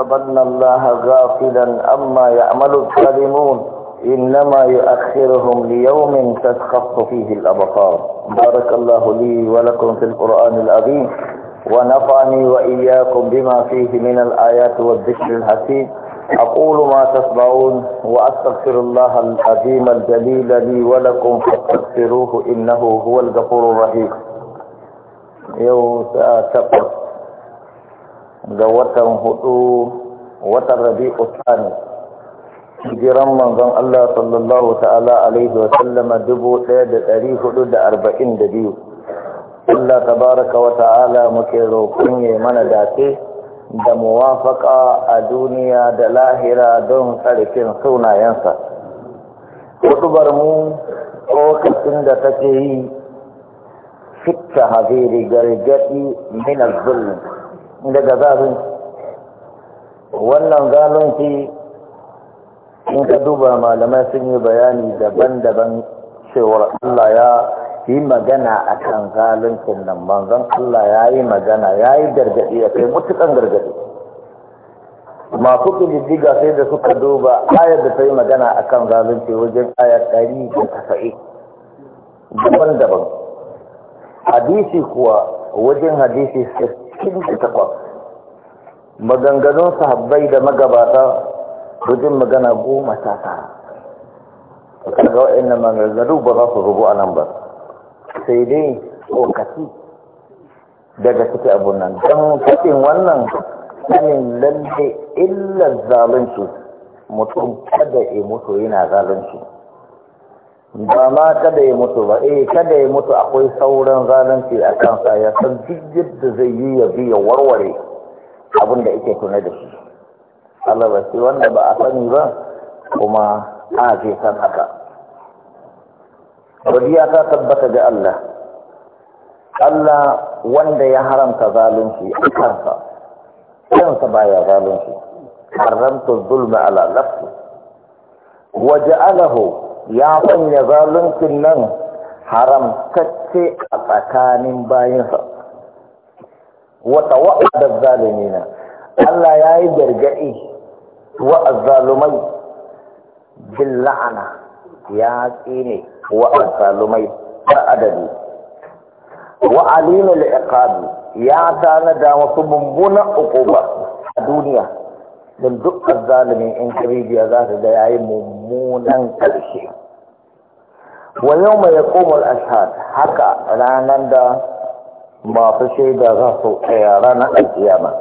تحسبن الله غافلا أما يعمل الظالمون إنما يؤخرهم ليوم تتخص فيه الأبصار بارك الله لي ولكم في القرآن العظيم ونفعني وإياكم بما فيه من الآيات والذكر الحكيم أقول ما تسمعون وأستغفر الله العظيم الجليل لي ولكم فاستغفروه إنه هو الغفور الرحيم يوم تقص ga watan hudu watan rabi'u tsani hijiran manzon Allah sallallahu ta'ala alaihi wa sallama dubu ɗaya da ɗari hudu da arba'in da biyu Allah tabaraka wa ta'ala muke roƙon ya mana dace da muwafaka a duniya da lahira don tsarkin sunayensa hudubar mu lokacin da take yi fitta hadiri gargaɗi min zulmi daga zalunci wannan zalunci in ka duba malamai sun yi bayani daban-daban cewar Allah ya yi magana a kan zaluncin nan manzon Allah ya yi magana ya yi gargaɗi ya kai mutukan gargaɗi masu ƙididdiga sai da suka duba ayar da ta yi magana a kan zalunci wajen ayar ɗari da tafa'i daban-daban hadisi kuwa wajen hadisi takwas maganganun sahabbai da magabata rujin magana goma ta tara kaga wa'annan maganganu ba za su rubu a nan ba sai dai tsokaci daga suke abun nan don faɗin wannan sanin lalle illar zalunci mutum kada ya mutu yana zalunci ba ma kada ya mutu ba eh kada ya mutu akwai sauran zalunci a kansa ya san duk yadda zai yi ya biya warware abin da yake tuna da shi Allah ba shi wanda ba a sani ba kuma a ce san haka godiya ta tabbata ga Allah Allah wanda ya haramta zalunci a kansa kansa baya zalunci haramta zulma ala nafsi waja'alahu ya sanya zaluncin nan haramtacce a tsakanin bayansa wata wa'adar na, Allah ya yi gargaɗi wa azzalumai bin la'ana ya tsine wa azzalumai ta adadi wa alimul ya tanada wasu mummunan ba a duniya don duk azzalimin in karibiya za su ga yayi mummunan ƙarshe wa yau mai ya komar ashad haka ranar da masu shaida za su tsaya ranar alkiyama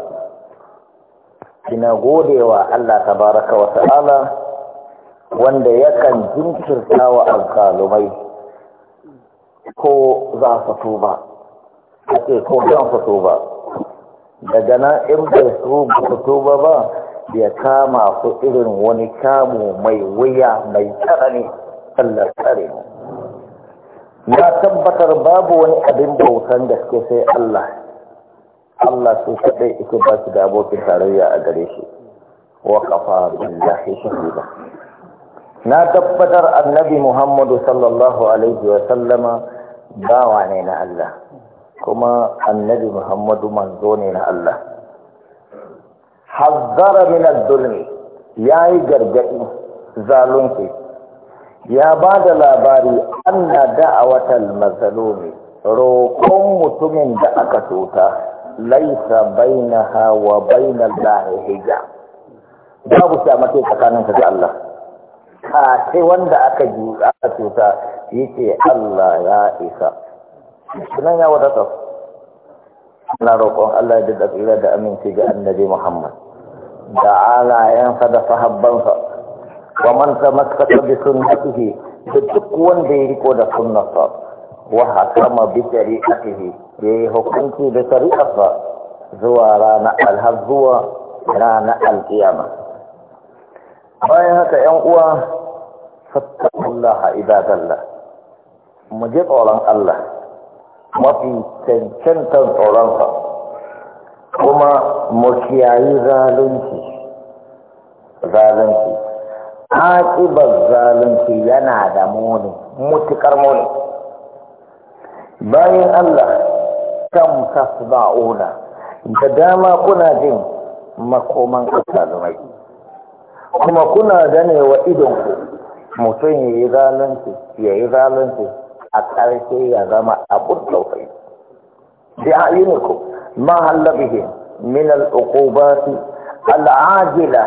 kina godewa Allah baraka wa ta'ala wanda yakan jinkirta wa alkalumai ko za su tuba ake ko za su tuba daga nan in bai su tuba ba ya kama su irin wani kamu mai wuya mai tsanani Allah tsare mu na tabbatar babu wani abin bautan gaske sai Allah Allah sun kaɗai ike ba su da abokin tarayya a gare shi wa kafa billahi shahida na tabbatar annabi Muhammadu sallallahu alaihi bawa ne na Allah kuma annabi Muhammadu manzo ne na Allah hazzara min ad ya yi gargadi zalunci ya ba da labari anna da'awatal mazlumi roƙon mutumin da aka tuta laisa bainaha wa bainal lahi hija babu kyamace tsakanin ka da Allah ka ce wanda aka ji aka tuta yace Allah ya isa sunan ya wadata na roƙon Allah da tsira da aminci ga annabi Muhammad da alayensa da sahabbansa wa man tamassaka bi sunnatihi da duk wanda ya riko da sunnarsa wa hakama bi shari'atihi ya yi hukunci da shari'arsa zuwa rana alhar zuwa rana alƙiyama bayan haka yan uwa fattakullaha ibadallah mu ji tsoron Allah mafi cancantan tsoronsa kuma mu kiyayi zalunci zalunci aƙibar zalunci yana da muni mutukar muni bayan Allah kan tasba'una da dama kuna jin makoman kasalumai kuma kuna ganewa idonku mutum ya yi ya yi zalunci a ƙarshe ya zama abun tausayi bi muku, ma hallabihim min al-uqubati al-ajila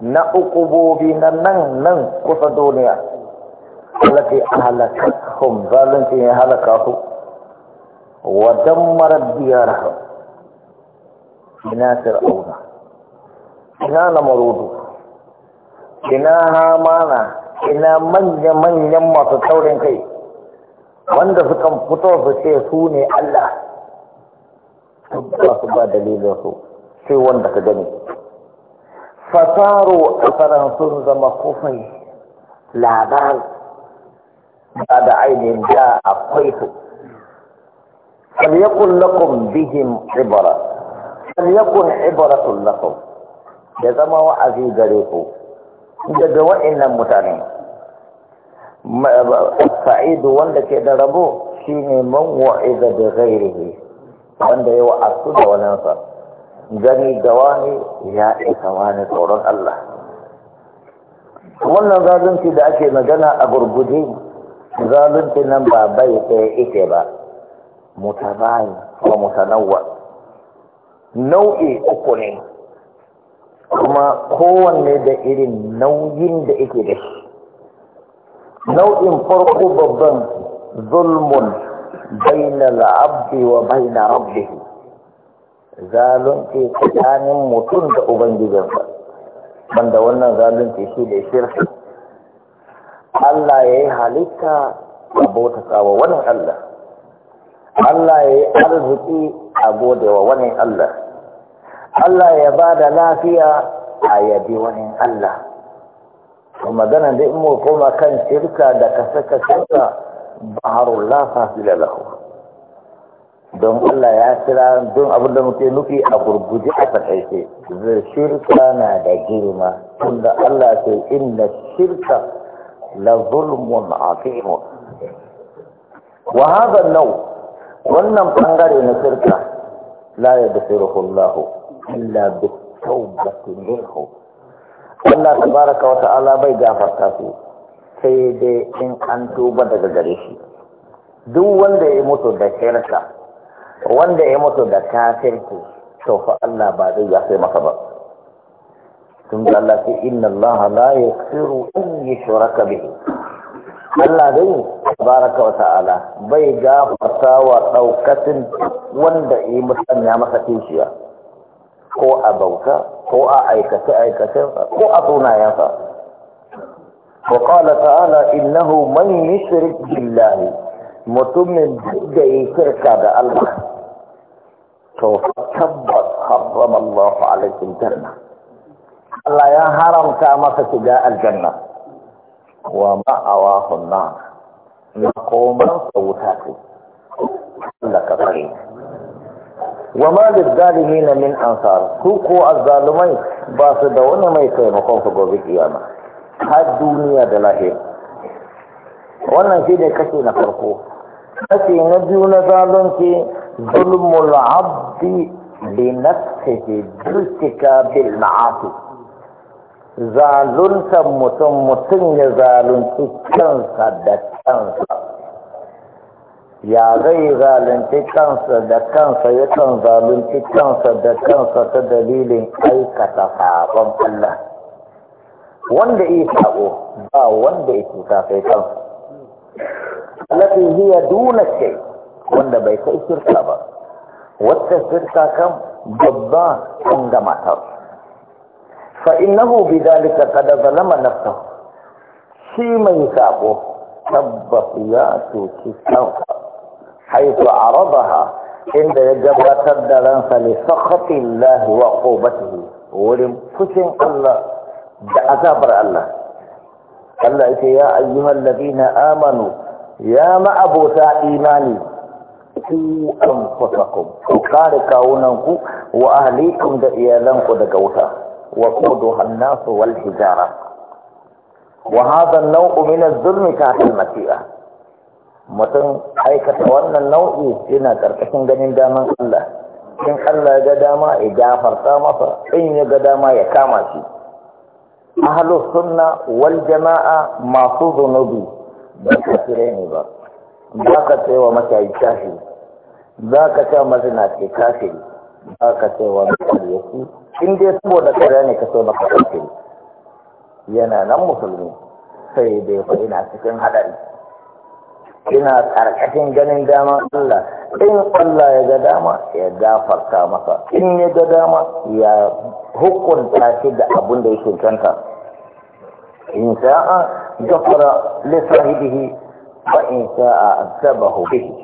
na bobi na nan nan kusa duniya a allati ahlakatkum zalunci ya halaka su wa biyar diyarahum ina fir'auna ina marudu, ina hamana ina manya-manyan masu taurin kai wanda suka fito su ce su ne Allah ba su ba dalilin su sai wanda ka gani fasaro a sun zama kufai labar ba da ainihin da akwai su falyakun lakum bihim ibara falyakun ibaratun lakum ya zama wa'azi gare ku daga wa'annan mutane Fa'idu wanda ke da rabo shine man iza da zairihi wanda ya Asu da waninsa gani da wani ya isa wani tsoron Allah wannan zalunci da ake magana a gurguje zalunci nan ba bai ɗaya ike ba mutabayi ko mutanenwa. nau'i uku ne kuma kowanne da irin nauyin da ike da shi نوع فرق بالضم ظلم بين العبد وبين ربه ظالم في كتان متن أبن جزنفا من دولنا ظالم في شيء لشرح الله يهلك أبوتك أو ونه الله الله يأرزك أبوت ونه الله الله يبادل فيها أيدي ونه الله magana da in mu koma kan shirka da kasaka shirka baharul la fasila lahu don Allah ya kira don abin da muke nufi a gurguje a takaice shirka na da girma tunda Allah ce inna shirka la zulmun azim wa hadha nau wannan bangare na shirka la yadfiruhu Allah illa bi tawbatin minhu Allah tabaraka wa ta'ala bai gafarta su sai dai in an tuba daga gare shi duk wanda ya mutu da shirka wanda ya mutu da kafirci to fa Allah ba zai yafe maka ba tun da Allah ce inna Allah la yaghfiru an yushraka bihi Allah dai tabaraka wa ta'ala bai gafarta wa daukatin wanda ya musanya masa kishiya ko a bauta ko a aikace aikace ko a sunayensa wa qala ta'ala innahu man yushrik billahi mutumin da ya shirka da Allah to tabbas harrama Allah alaikum janna Allah ya haramta masa shiga aljanna wa ma'awahu nar na koman wuta ce Allah ka tsare wa ma lizzalimina min ansar su ko azzalumai ba su da wani mai taimakon su gobe kiyama har duniya da lahira wannan shi ne kashe na farko kashe na biyu na zalunci zulmul abdi na nafsihi dirtika bil ma'asi zalunta mutum mutum ya zalunci kansa da kansa ya zai zalunci kansa da kansa ya kan zalunci kansa da kansa ta dalilin aikata sabon Allah wanda yi saƙo ba wanda ya cuta sai kansa alaƙi hiya duna ce wanda bai kai shirka ba wata shirka kan babba kan ga matar fa innahu bi zalika qad zalama nafsahu shi mai saƙo tabbas ya cuci kansa حيث عرضها عند جبهة الدلنس لسخط الله وعقوبته ولمفسن الله بعذاب الله قال يا أيها الذين آمنوا يا معبوسا إيماني قو أنفسكم فقارك أونكم وأهليكم دئيالنكم دقوتا وقودها الناس والحجارة وهذا النوع من الظلم كانت المسيئة mutum aikata wannan nau'i yana karkashin ganin daman Allah in Allah ya ga dama ya gafarta masa in ya ga dama ya kama shi ahlus sunna wal jama'a masu zunubi ba kafirai ne ba za ka ce wa mashayi kafiri za ka ce mazina ce kafiri za ka ce wa makaryaci in dai saboda kare ne ka so na kafiri yana nan musulmi sai dai fa ina cikin hadari ina karkashin ganin dama Allah in Allah ya ga dama ya gafarta masa in ya ga dama ya hukunta shi da abin da yake kanta in sa'a gafara li sahibihi wa in sa'a azabahu bihi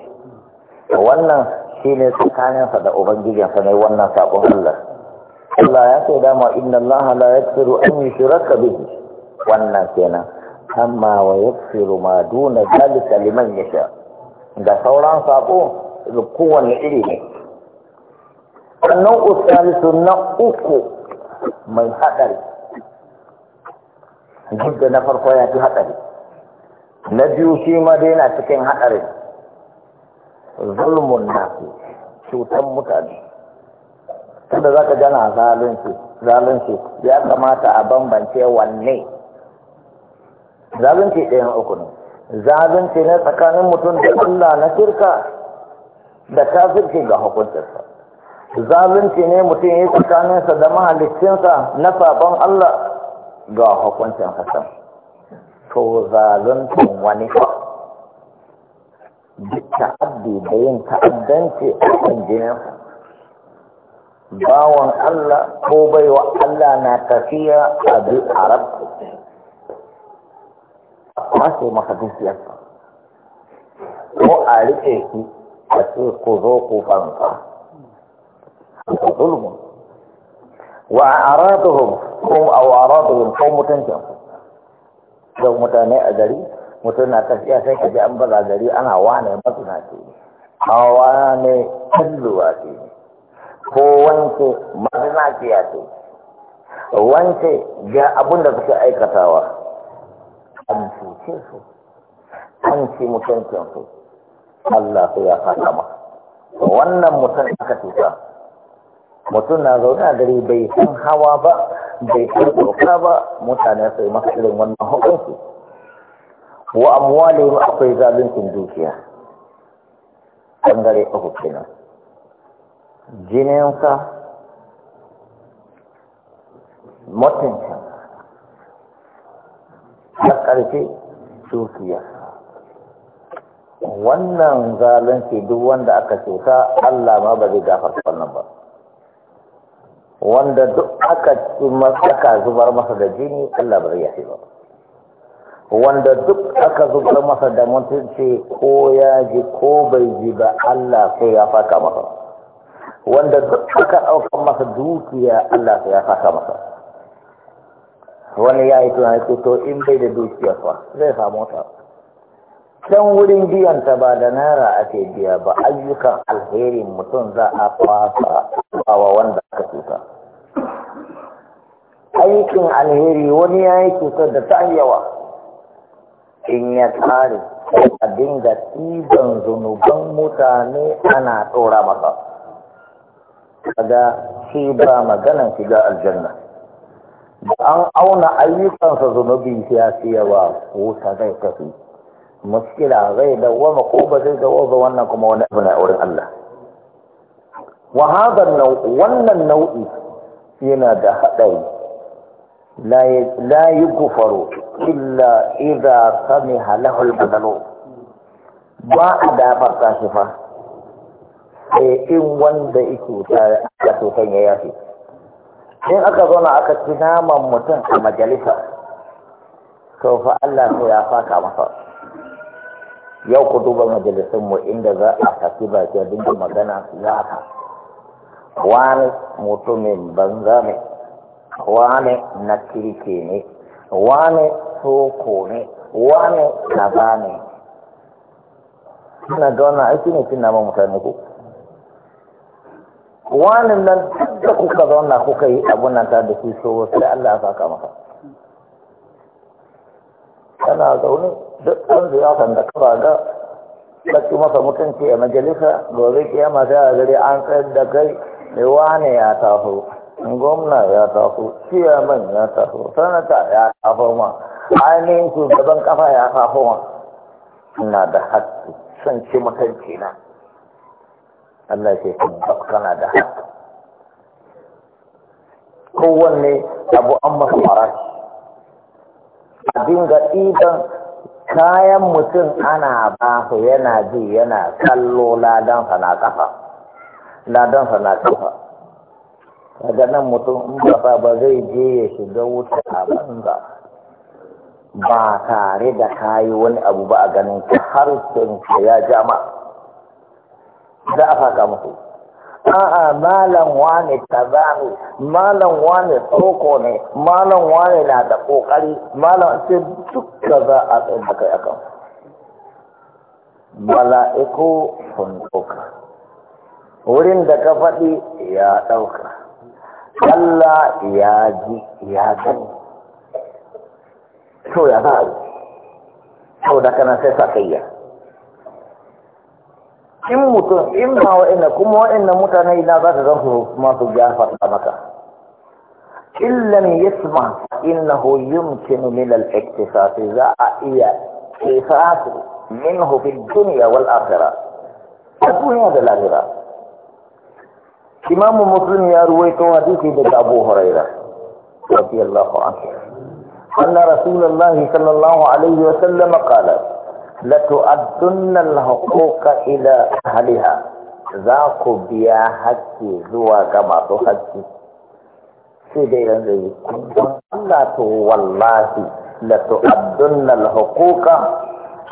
wannan shine tsakaninsa da ubangijinsa ne wannan sakon Allah Allah ya ce dama inna Allah la yaghfiru an yushraka bihi wannan kenan amma wa yaghfiru ma duna zalika liman yasha da sauran sako kowanne iri ne sannan usalisu na uku mai haɗari duk na farko ya fi haɗari na biyu shi ma dai na cikin hadari zulmun nafi cutan mutane tunda za ka gana zalunci zalunci ya kamata a bambance wanne zalunci ɗayan uku ne zalunci ne tsakanin mutum da Allah na shirka da kafirci ga hukuncinsa zalunci ne mutum yi tsakaninsa da mahaliccinsa na sabon Allah ga hukuncin hasan to zaluncin wani duk ta'addi da yin ta'addanci a kan jinin bawan Allah ko baiwa Allah na tafiya a duk arabku a kwashe masa dukiyarsa ko a riƙe ki a ce ku zo ku fanka da zulmu wa araduhum ko aw araduhum ko mutuncin da mutane a gari mutum na tafiya sai ka ji an baza gari ana wane matsuna ce a wane kalluwa ce ko wance mazinaciya ce wance ga abin da suke aikatawa cuce su an ci mutuncin su Allah sai ya fata ma. wannan mutum aka cuta mutum na zaune a gari bai san hawa ba bai san doka ba mutane sai masa irin wannan hukunci wa amwalihim akwai zalincin dukiya bangare uku kenan jininsa mutuncin har ƙarshe dukiyarsa wannan zalunci duk wanda aka cuta Allah ma ba zai gafar wannan ba wanda duk aka ci aka zubar masa da jini Allah ba zai yafe ba wanda duk aka zubar masa da mutunci ko ya ji ko bai ji ba Allah sai ya faka masa wanda duk aka ɗaukar masa dukiya Allah sai ya faka masa wani ya yi tunanin ce to in bai da dukiya fa zai samu ta can wurin biyan ta ba da naira ake biya ba ayyukan alherin mutum za a fasa a wanda aka cuta aikin alheri wani ya yi cutar da ta yawa in ya tsare a dinga ɗiban zunuban mutane ana tsora masa kaga shi ba maganan shiga aljanna an auna ayyukansa zunubi ya siya ko wuta zai tafi muskila zai dawwama ko ba zai ba wannan kuma wani abu na wurin Allah wa hadha wannan nau'i yana da hadari la kufaru illa idza sami lahu al-badalu ba da farka shi fa sai in wanda yake ta ya yafi in aka zauna aka ci naman mutum a majalisa to fa Allah sai ya faka masa yau ku duba majalisun mu inda za a tafi ba ke dinga magana ka wani mutumin banza ne wani na kirke ne wani soko ne wani kaza ne suna ga wannan aiki ne cin naman mutane ku. wani nan da kuka zauna kuka yi abun nan ta da shi sai Allah ya saka maka kana zaune duk ɗan ziyarar da kaba ga ɗauki masa mutunci a majalisa gobe kiyama sai a gari an tsayar da kai mai wani ya taso gwamna ya taso ciyaman ya taso sanata ya taso ma ainihin shugaban kafa ya taso ma ina da haƙƙi san ci mutunci na Allah ce kana da haka kowanne abu an masu farashi a dinga ɗiban kayan mutum ana ba su yana ji yana kallo ladansa na kafa ladansa na kafa daga nan mutum in ba ba zai je ya shiga wuta a banza ba tare da kayi wani abu ba a ganin ka har sun ya jama'a za a ka muku a'a malam wane kaza ne malam wane soko ne malam wane na da kokari malam sai duka za a tsaye da kai akan mala'iku sun ɗauka wurin da ka faɗi ya ɗauka Allah ya ji ya gani so ya za a yi sau da kanan sai sa kayya in mutum in ba wa'ina kuma wa'innan mutane ina za ta zansu masu gafar da maka illan yasma innahu yumkinu min al-iktisas za a iya kisas minhu fi dunya wal akhirah a duniya da lahira imam muslim ya ruwaito hadisi daga abu hurairah radiyallahu anhu anna rasulullahi sallallahu alaihi wa sallam qala لتؤدن الحقوق إلى أهلها ذاك بيا حكي زوا كما تحكي سيدي رنزي الله والله لتؤدن الحقوق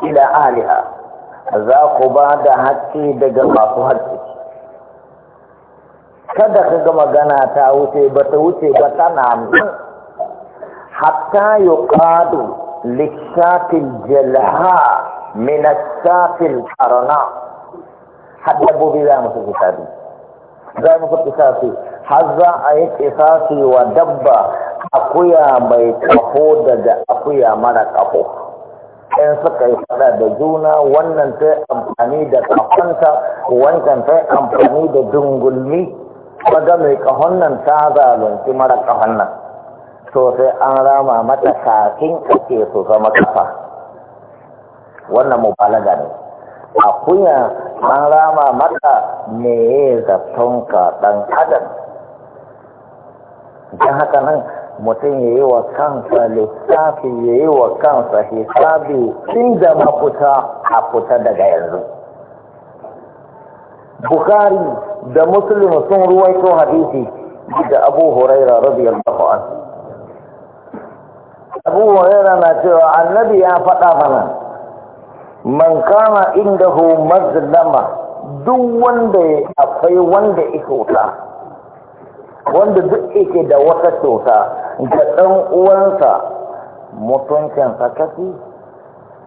إلى أهلها ذاك بعد حكي دقما تحكي kada ka ga magana ta wuce ba ta wuce ba tana nan hatta yuqadu jalha min asafil harana har dabbobi za fi kisafi za fi kisafi har za a yi kisafi wa dabba akuya mai kafo daga akuya mara kafo in suka yi fada da juna wannan ta amfani da kafanta wancan ta amfani da dungulmi kaga mai kahon nan ta zalunci mara kahon nan to sai an rama mata kafin ake su zama kafa wannan mu balaga ne A kunya an rama mata me zaton ka dan adam don haka nan mutum ya yi wa kansa lissafi ya yi wa kansa hisabi inda mafuta a fita daga yanzu bukari da muslim sun ruwaito hadisi da abu huraira radiyallahu anhu abu huraira na cewa annabi ya faɗa mana man kama indahu mazlama duk wanda akwai wanda ya wuta wanda duk yake da wata kyauta ga ɗan uwansa mutuncin sakati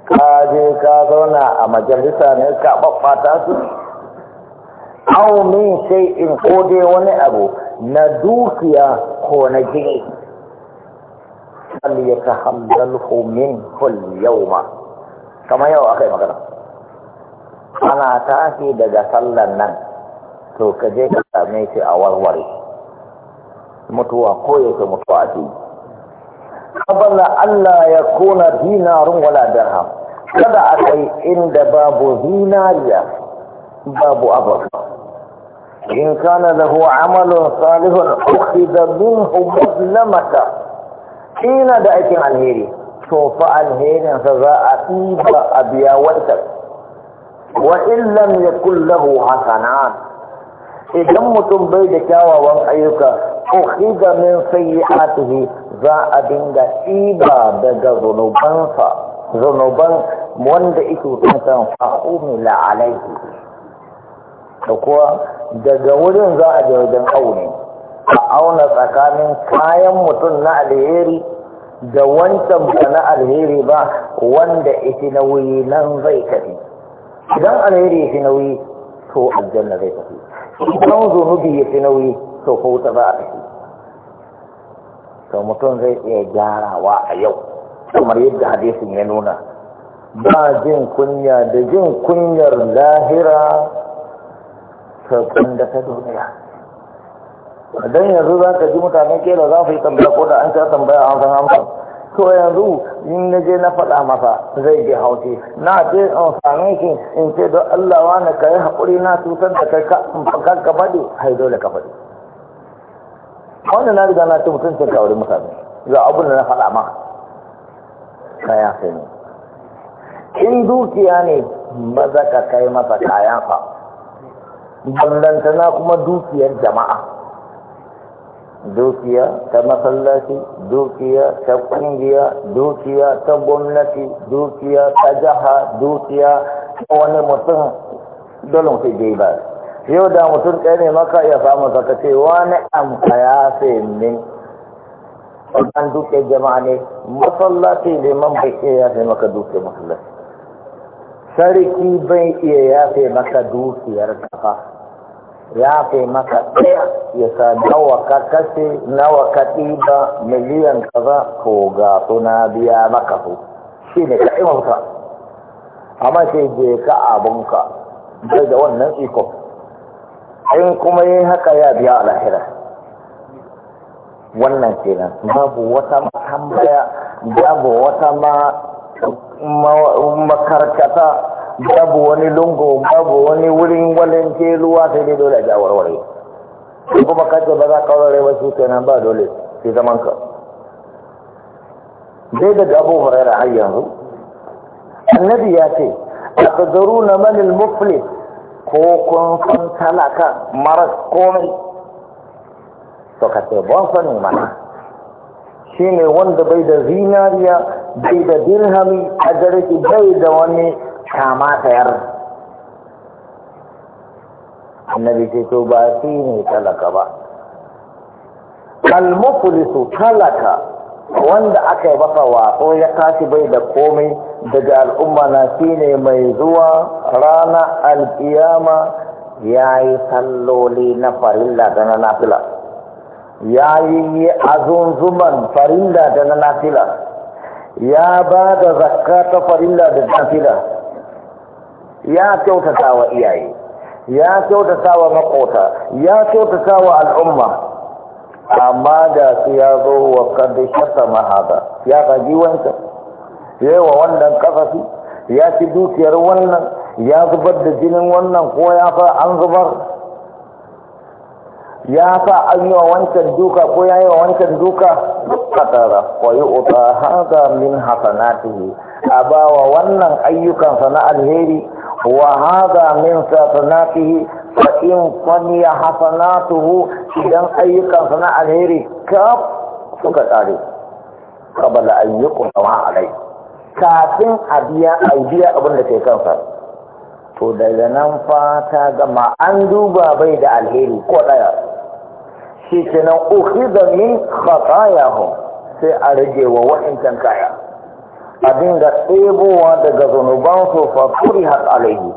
ka je ka zauna a majalisa ne ka babbata su au min sai in kode wani abu na dukiya ko na jini fal yatahammalhu min al-yawma kamar yau aka yi magana ana tashi daga sallan nan to ka je ka same shi a warware mutuwa ko yake mutuwa a cikin kabala Allah ya kona dinarun wala dirham kada a kai inda babu zinariya babu azurfa in kana huwa amalun salihun ukhida minhu muslamata ina da aikin alheri Tofa alherinsa za a ɗiba a biya wancan wa illam ya kullahu hasanat idan mutum bai da kyawawan ayyuka ukhidha min sayyi'atihi za a dinga ɗiba daga zunubansa zunuban wanda yake tuntan fa'umila alaihi da kuwa daga wurin za a jirgin aune a auna tsakanin kayan mutum na alheri da wancan ba na alheri ba wanda ita nauyi nan zai tafi idan alheri ya fi nauyi to aljanna zai tafi idan zunubi ya fi nauyi to ko ba a tafi to mutum zai iya gyarawa a yau kamar yadda hadisin ya nuna ba jin kunya da jin kunyar lahira ta da ta duniya don yanzu za ka ji mutane kera za su yi tambaya ko da an ta tambaya a san amsa to yanzu in na je na faɗa masa zai je haushi na je in same shi in ce don Allah wa na kai haƙuri na tutar da kai ka ka faɗi hai dole ka faɗi wanda na riga na ce mutuncin ka wuri mutane ga abin da na faɗa ma Kayan sai ne in dukiya ne ba za ka kai masa kayansa ballantana kuma dukiyar jama'a dukiya ta masallaci dukiya ta kungiya dukiya ta gwamnati dukiya ta jaha dukiya ta wani mutum dole mutum je ba yau da mutum ɗaya ne maka iya samun saka ce wani amfaya sai min an duke jama'a ne masallaci man bai iya ya sai maka duke masallaci sarki bai iya ya sai maka dukiyar kafa ya fi maka ɗaya ya sa nawa ka kashe nawa ka ɗiba miliyan kaza ko ga suna biya maka su shi ne ka imansa amma shi je ka abunka bai da wannan iko in kuma yi haka ya biya a lahira wannan kenan babu wata tambaya babu wata ma makarkata babu wani lungo babu wani wurin walin ruwa ta dai dole a ja warware in kuma kace ba za ka warware ba shi kenan ba dole sai zaman ka dai daga abu huraira har yanzu annabi ya ce zaru na manil mufli ko kun san talaka mara komai to ka ce ban sani mana Shi ne wanda bai da zinariya bai da dirhami a bai da wani kama sayar annabi sai to ba shi ne talaka ba al talaka wanda aka yi masa wato ya tashi bai da komai daga al'umma na shi ne mai zuwa rana alkiyama ya yi salloli na farilla da na nafila ya yi azunzuman farilla da na nafila ya ba da zakka ta farilla da nafila ya kyautata wa iyaye ya kyautata wa makota ya kyautata wa al'umma amma da su ya zo wa kadda shatta mahada ya gaji wancan ya yi wa wannan kafafi ya ci dukiyar wannan ya zubar da jinin wannan ko ya fa an zubar ya sa an yi wa wancan duka ko ya yi wa wancan duka katara wa yi uta haza min hasanatihi a ba wa wannan ayyukansa na alheri Wahaza min sasana fiye da ƙamfanin Hassanatu idan ayyukansu sana Alheri ta suka tsare. Kaballa ayi yi alai. Kafin a biya abin abinda ke kansa. To daga nan fa ta gama an duba bai da Alheri ko ɗaya. Sikinin uki don yin sai a rage wa wani kan kaya. a dinga ɗebowa daga zunubansu fa turihat alaihi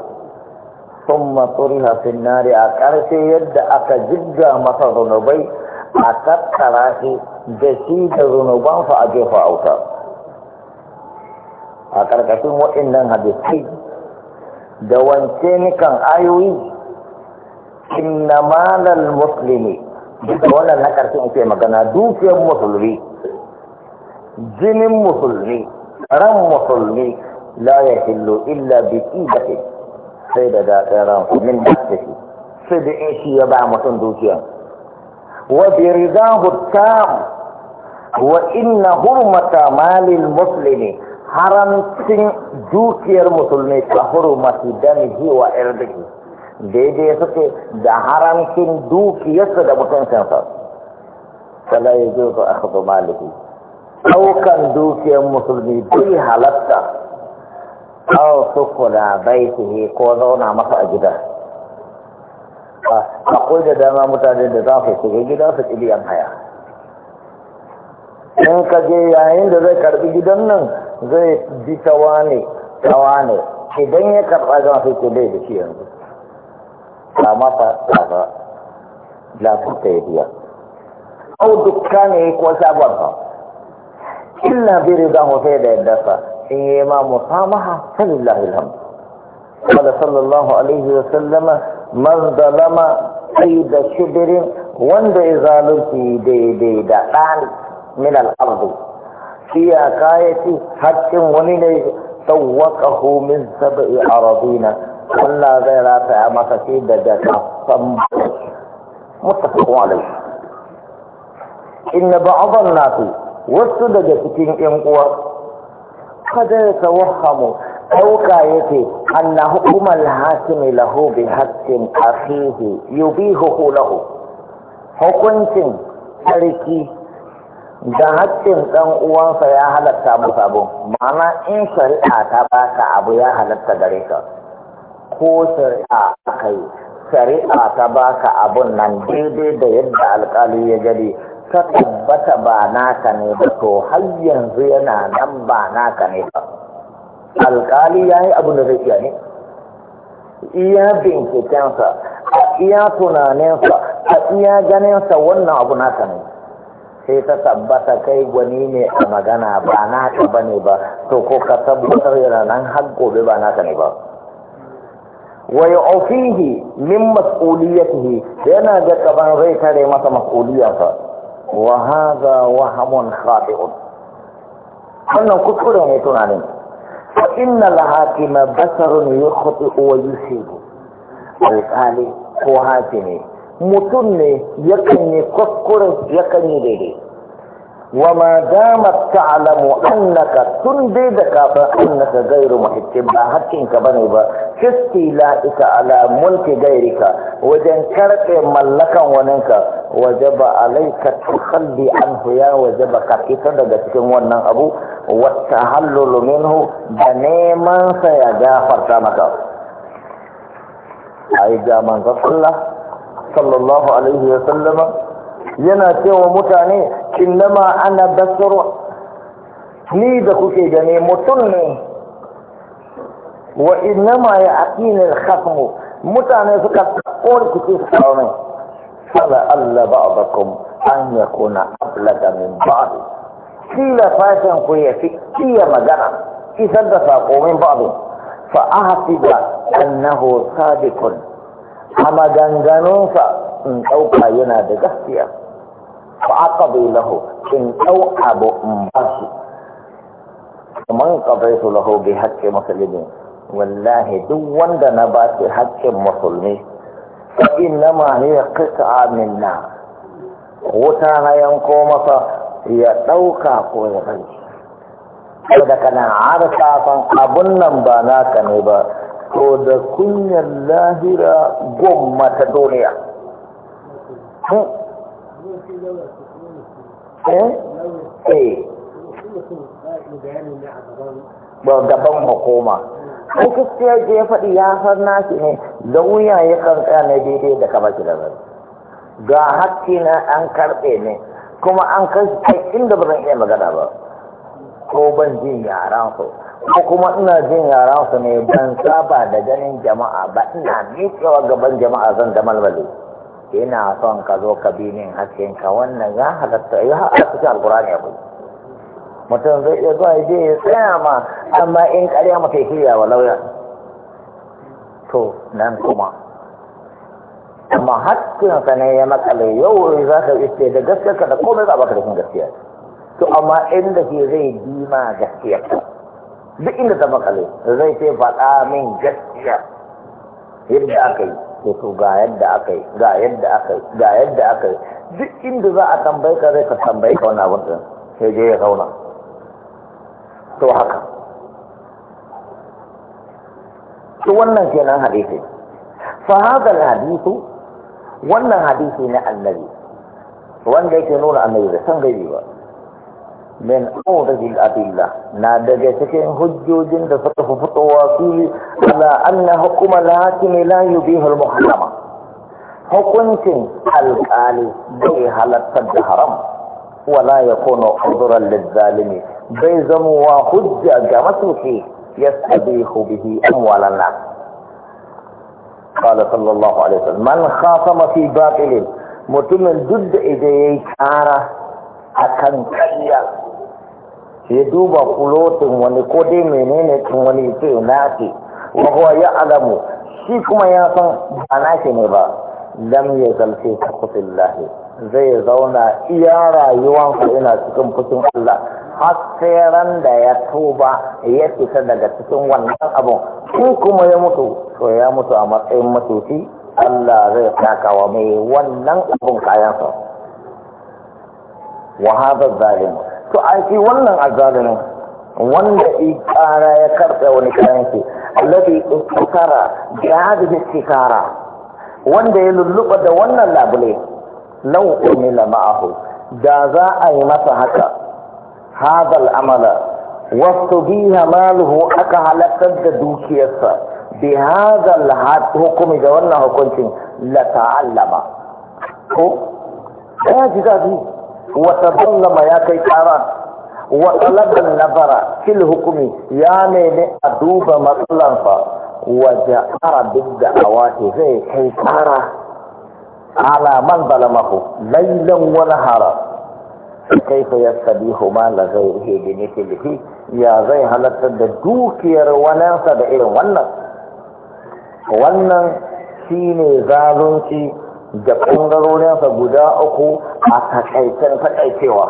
thumma turiha fin nari a karshe yadda aka jigga masa zunubai a tattara shi da shi da a jefa auta a ƙarƙashin waɗannan hadisai da wance kan ayoyi inna malal muslimi da wannan na ƙarshen ake magana dukiyar musulmi jinin musulmi ran musulmi la ya hillo illa biki bi ke. sai da daɗin ran min shi. sai da in shi ya ba mutum dukiya wa bi ridahu tam wa inna hurmata malil musulmi haramcin dukiyar musulmi ta hurmati damihi wa irdihi daidai suke da haramcin dukiyarsa da mutuncinsa fala yajuzu akhdhu malihi ɗaukan dukiyar musulmi bai halatta aw sukula baitihi ko zauna masa a gida akwai da dama mutane da za su shiga gida su ƙiliyan haya in ka je yayin da zai karbi gidan nan zai bi tawa ne tawa ne idan ya karɓa zama masu ce bai da shi yanzu kama ta tsara lafi ta yi biya au dukka ne ko sabon إلا برضاه سيد الدفع إما مصامحة فلله الحمد قال صلى الله عليه وسلم من ظلم قيد شبر وند إزالتي دي دي دعان من الأرض في أكاية حتى ونين سوقه من سبع أراضين ولا zai فعما تشيد shi صمت متفق mutafakun إن بعض الناس wasu daga cikin yan uwa kada ya tawahhamu ɗauka yake anna hukumar hakimi lahu bi haƙƙin akhihi yubihu lahu hukuncin sarki da hakkin ɗan uwansa ya halatta masa abu ma'ana in shari'a ta baka abu ya halatta gare ka ko shari'a kai shari'a ta baka abun nan daidai da yadda alƙali ya gade ka tabbata ba naka ne ba to har yanzu yana nan ba naka ne ba alkali ya yi abin da zai iya ne iya bincikensa a iya tunaninsa a iya ganinsa wannan abu naka ne sai ta tabbata kai gwani ne a magana ba naka ba ne ba to ko ka tabbatar yana nan har gobe ba naka ne ba wa yu'fihi min mas'uliyatihi yana ga kaban zai tare masa mas'uliyarsa wa hadha wahamun khati'un wannan kuskure ne tunanin fa innal hakima basarun yukhti'u wa yusibu alƙali ko hakimi mutum ne yakan yi kuskure yakan yi daidai wa ma damat ta'lamu annaka tun dai da kafa annaka gairu muhittin ba hakkin ka bane ba fisti la ita ala mulki gairika wajen karɓe mallakan waninka وجب عليك تخلي عنه يا ka كتير daga cikin wannan abu Wata والتحلل منه da neman sa ya gafarta maka ai ga manzon Allah sallallahu alaihi wa sallama yana cewa mutane innama ana basaru ni da kuke gani mutum ne wa innama ya aqina al mutane suka kore kuke su فلعل بعضكم أن يكون أبلغ من بعض kila fashin ku ya fi iya magana isar da saƙo min ba'du fa ahsiba annahu sadiqun a sa in ɗauka yana da gaskiya fa aqabi lahu in ɗau abu in ba shi man qadaytu lahu bi haqqi muslimin wallahi duk wanda na ba shi haƙƙin musulmi فإنما هي amina, wuta hayan ينكو مصر ya ɗauka ko ya bari ko da kana arsa san abun nan ba naka ne ba to da kunyar lahira gwamma ta duniya ba gaban hukuma ko gaskiya ke ya faɗi ya san nashi ne da wuya ya karɓa ne daidai da kama shi da zai ga hakki na an karɓe ne kuma an kai kai inda ba zan iya magana ba ko ban jin yaran su ko kuma ina jin yaran su ne ban saba da ganin jama'a ba ina miƙewa gaban jama'a zan da malmale ina son ka zo ka bi min hakkinka wannan ya halatta ya halatta alkurani ya mutum zai iya zuwa je ya tsaya ma amma in karya mafi shirya wa lauya to nan kuma amma hakkinsa ne ya makale yau za ka iske da gaskiyarka da komai za a baka rashin gaskiya to amma inda ke zai dima ka duk inda ta makale zai ce faɗa min gaskiya yadda aka yi to to ga yadda aka yi ga yadda aka yi ga yadda aka yi duk inda za a tambaye ka zai ka tambaye ka wani abin din sai je ya zauna to haka to wannan kenan hadisi fa hadha alhadithu wannan hadisi na annabi wanda yake nuna annabi da san gaibi ba min awdajil adilla na daga cikin hujjojin da suka fi fitowa fili ala anna hukuma al-hakim la yubihu al-muharrama hukuncin alƙali bai halartar da haram wala yakunu uduran lil-zalimi bai zamowa hujja ga masuci ya sabihu bihi an nas qala sallallahu alaihi wasallam man khasama fi batilin mutumin duk da idan yayi kara akan kariya ya duba kulotin wani ko dai menene tun wani ce na ce wa huwa ya'lamu shi kuma ya san ba na ne ba lam ya zalfe ta kufin lahi zai zauna iya rayuwansa ina cikin fushin Allah har sai ran da ya tuba ya fita daga cikin wannan abun in kuma ya mutu to ya mutu a matsayin matuci Allah zai saka wa mai wannan abun kayansa wa hadha zalim to a shi wannan azalimin wanda ikara ya karɓe wani kayan shi alladhi ikara bi hadhihi ikara wanda ya lulluɓa da wannan labule lau umila ma'ahu da za a yi masa haka hadal amala wasu biya maluhu aka halartar da dukiyarsa bi hadal hukumi da wannan hukuncin la ta'allama ko ya ji daɗi wata zallama ya kai kara wa talabar nazara fil hukumi ya nemi a duba matsalarsa وجعل بالدعوات زي حيثارة على من ظلمه ليلا ونهارا كيف يستبيح مال غيره بمثله يا زي هل تدوك يروانا سبعين وانا وانا شيني zalunci da ɓangarorinsa guda uku a takaicen takaicewa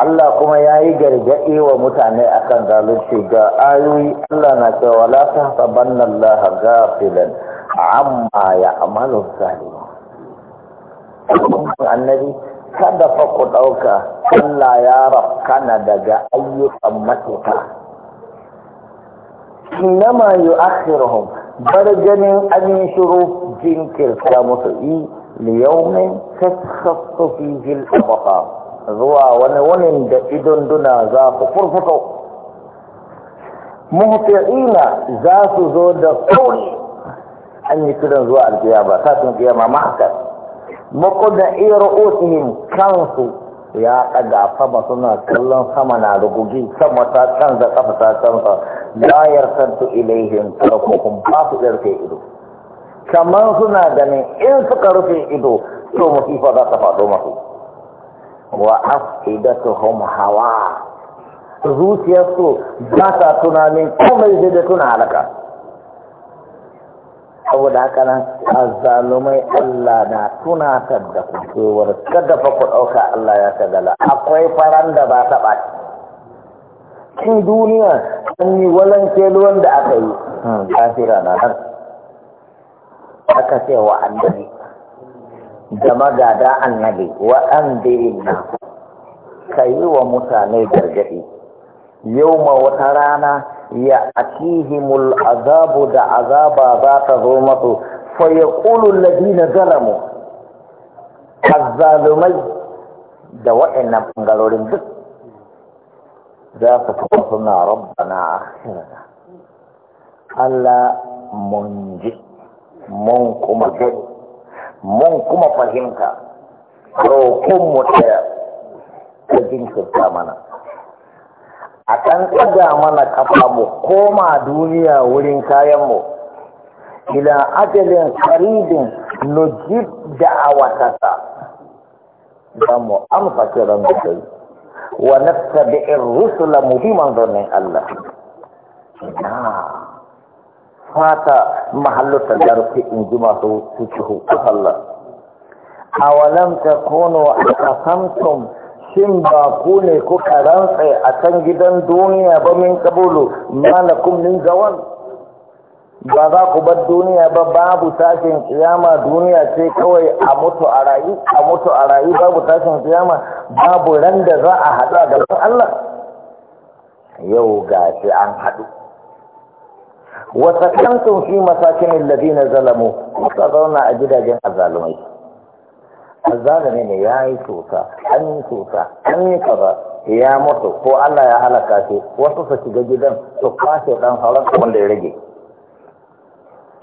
Allah kuma ya yi gargaɗe wa mutane akan zalunci ga ayoyi Allah na cewa la ta sabanna Allah gafilan amma ya amalu zalimu annabi kada fa ku ɗauka Allah ya rafkana daga ayyukan matuka inama yu'akhiruhum bar ganin an shiru jinkirta musu yi liyaumin tasaffu fihi al zuwa wani wunin da idon duna za su furfuto muhti'ina za su zo da kauri an yi kiran zuwa alkiyama sun kiyama ma'akar makuda iya ru'usihim kansu ya ɗaga sama suna kallon sama na rugugi sama ta canza kafa ta canza ya yarsantu ilaihim tarkuhum ba su ɗarfe ido kamar suna ganin in suka rufe ido to musifa za ta faɗo masu wa afidatuhum hawa zuciyarsu ba ta tunanin komai sai da tuna halaka saboda haka nan azzalumai Allah na tunatar da kusurwar kada fa ku ɗauka Allah ya tagala akwai faran da ba ta ɓaci cikin duniya an yi walan luwan da aka yi hmm, kafira na nan aka ce wa annabi da magada annabi wa an na ka yi wa mutane gargaɗi yau ma wata rana ya akihimul azabu da azaba za ta zo masu fa ya ƙulun ladina zalamu azzalumai da waɗannan ɓangarorin duk za su kuma suna rabbana akhirana Allah mun ji mun kuma gani mun kuma fahimta roƙon mu ɗaya ta jinkirta mana a ɗan ɗaga mana kafa mu koma duniya wurin kayanmu ila ajalin karibin nujib da'awatata ba mu amsa kiran da kai wa nattabi'ir rusula muhimman zonin Allah. Ina fata da rufe in ji masu fikihu a sallah ta kono a kasamtum shin ba ku ne kuka rantse a kan gidan duniya ba min kabulu malakum min zawon? ba za ku bar duniya ba babu tashin kiyama duniya ce kawai a mutu a rayu a mutu a rayu babu tashin kiyama babu ran da za a haɗu a Allah yau ga shi an haɗu wa sakantum fi masakin alladhina zalamu kuka zauna a gidajen azzalumai Azalumi ne ya yi cuta an yi cuta an yi kaza ya mutu ko Allah ya halaka shi wasu su shiga gidan su kwashe dan sauran wanda ya rage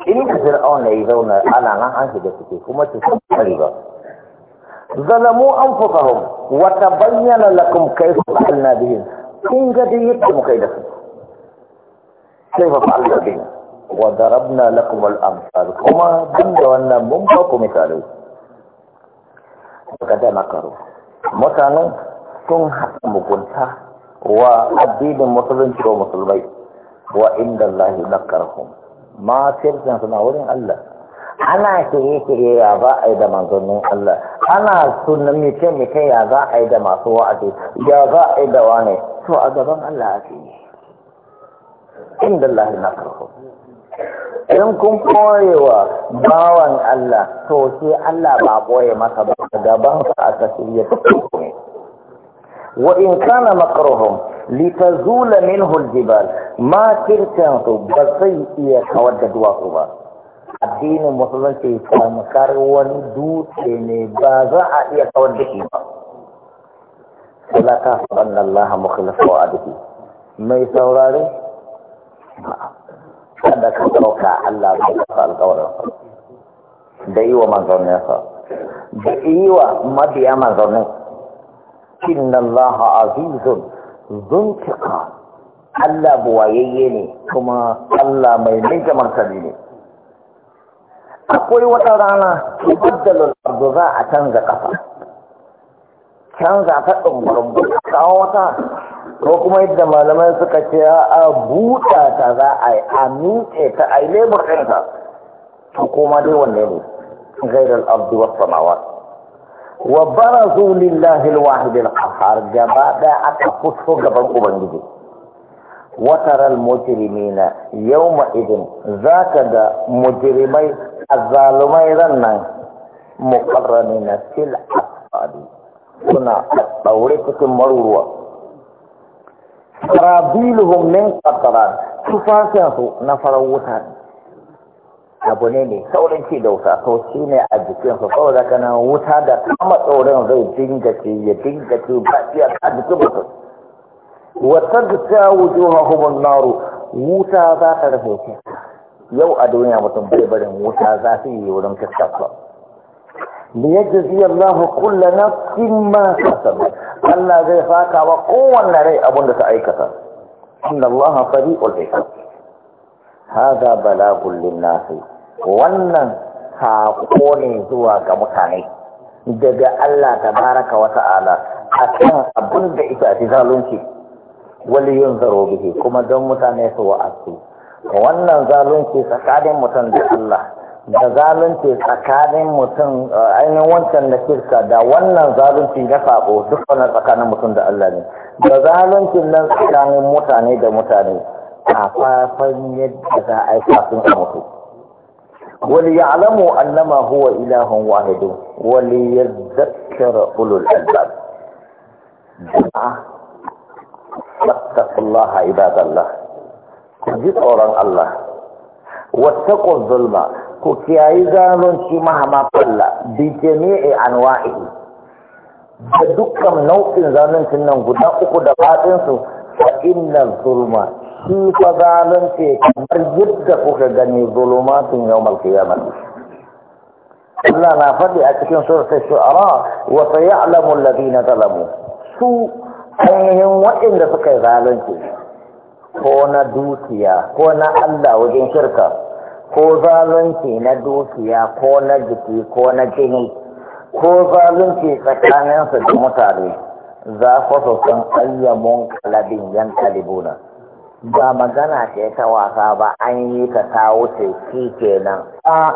in ka fir'aun ya yi zauna ana nan an shiga suke kuma su kare ba zalamu anfusahum wa tabayyana lakum kayfa fa'alna bihim kun ga dai yadda muka yi da su كيف amsal kuma din da wannan mun ba ku منفق daga da makaro Mutanen sun haɗa mugunta wa addinin musulunci wa musulmai wa inda Allahi makarhum ma sirrin suna wurin Allah ana shirye-shirye ya za a yi da manzannin Allah ana sunan mice-mice ya za a yi da masu wa'azi ya za a yi da wane to a gaban Allah ake yi inda Allah na karfo in kun koyewa bawan Allah to sai Allah ba koye masa ba gaban sa a shirya tukuni wa in kana makruhum litazula minhu aljibal ma kirkan su ba zai iya kawar da duwatsu ba addinin musulunci tamkar wani dutse ne ba za a iya kawar da shi ba sadaka sallallahu alaihi wa alihi mai saurare kada ka ɗauka Allah zai kafa alƙawarinsa da yi wa manzanninsa da yi wa mabiya manzannin inna Allah azizun zuntika Allah buwayayye ne kuma Allah mai ninka martani ne akwai wata rana tubaddalul ardu za a canza ƙasa canza ta ɗumbarin kawo wata ko kuma yadda malamai suka ce a buɗa ta za a yi a miƙe ta a yi lebur ɗinta to koma dai wanne ne gairar abdu samawa wa barazu lillahi alwahid alqahar gaba da aka fito gaban ubangiji wataral mujrimina yawma idin zaka ga mujrimai azzalumai ran nan muqarranina fil asfali suna ɗaure cikin maruruwa sarabiluhum min qatran tufasahu na farar wuta abu ne ne saurin ci da wuta to shi ne a jikin su saboda kana wuta da kama tsoron zai dinga ce ya dinga ce ba shi a jikin mutum wata da ta wujo hahumun naru wuta za ta rufe yau a duniya mutum bai barin wuta za su yi wurin fiskar liyajzi Allahu kullu nafsin ma kasabat Allah zai saka wa kowanne rai abunda ta aikata inna Allaha sari'ul hisab hada balagul linnasi wannan sako ne zuwa ga mutane daga Allah tabaraka wa ta'ala akan abin da ita ce zalunci wal yunzaru bihi kuma don mutane su wa'azu wannan zalunci tsakanin mutum da Allah da zalunci tsakanin mutum ainihin wancan na kirka da wannan zalunci na sabo duk wani tsakanin mutum da Allah ne da zalunci nan tsakanin mutane da mutane a fafan yadda za a yi kafin a mutu wani ya alamu annama huwa ilahun wahidu wani ya zakkara ulul albab jama'a fattakullaha ibadallah ku ji tsoron Allah wattaqu zulma ku kiyayi zalunci mahama falla bi a anwa'i da dukkan nau'in zaluncin nan guda uku da fadin su fa inna zulma shi fa zalunci kamar yadda kuka gani zulumatun yawmal qiyamah Allah na faɗi a cikin suratul shu'ara wa sayalamu alladhina zalamu su ainihin waɗanda suka yi zalunci ko na dukiya ko na Allah wajen shirka ko zalunci na dukiya ko na jiki ko na jini ko zalunci tsakaninsu da mutane za ku su san ayyamun kalabin yan talibuna ba magana ce ta wasa ba an yi ta ta wuce shi kenan a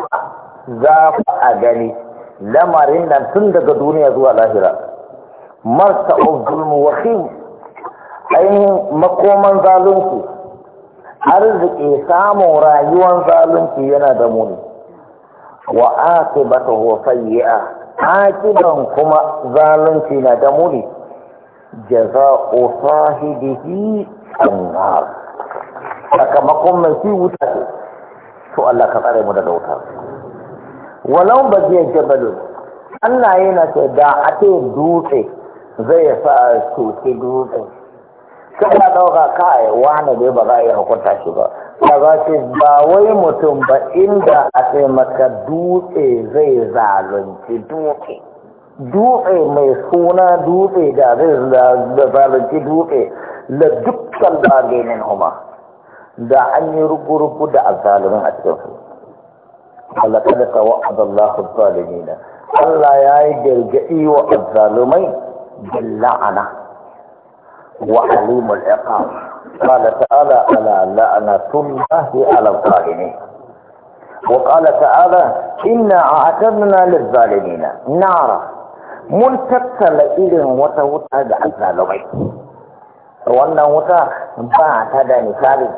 za ku a gani lamarin nan tun daga duniya zuwa lahira marta zulmu wahim ainihin makoman zalunci arziki samun rayuwan zalunci yana da muni wa akibatuhu sayyi'a akiban kuma zalunci na da muni jaza'u sahibihi annar sakamakon mai shi wuta ce to Allah ka tsare mu daga wuta walau bajiyar jabalin Allah yana ce da ake dutse zai sa cuci dutse kana ɗauka kai wani dai ba za a yi hukunta shi ba ka za ce ba wai mutum ba inda a ce maka dutse zai zalunci dutse dutse mai suna dutse da zai zalunci dutse la dukkan zalinin huma da an yi rugu-rugu da azzalumin a cikin su Allah da ta wa'adallahu zalimina Allah ya yi gargaɗi wa azzalumai bil la'ana هو العقاب قال تعالى على لعنة الله على الظالمين وقال تعالى إنا أعتدنا للظالمين نارا منتكة لإذن وتوت أجعلنا لغيك وأنه تا بعت هذا مثالي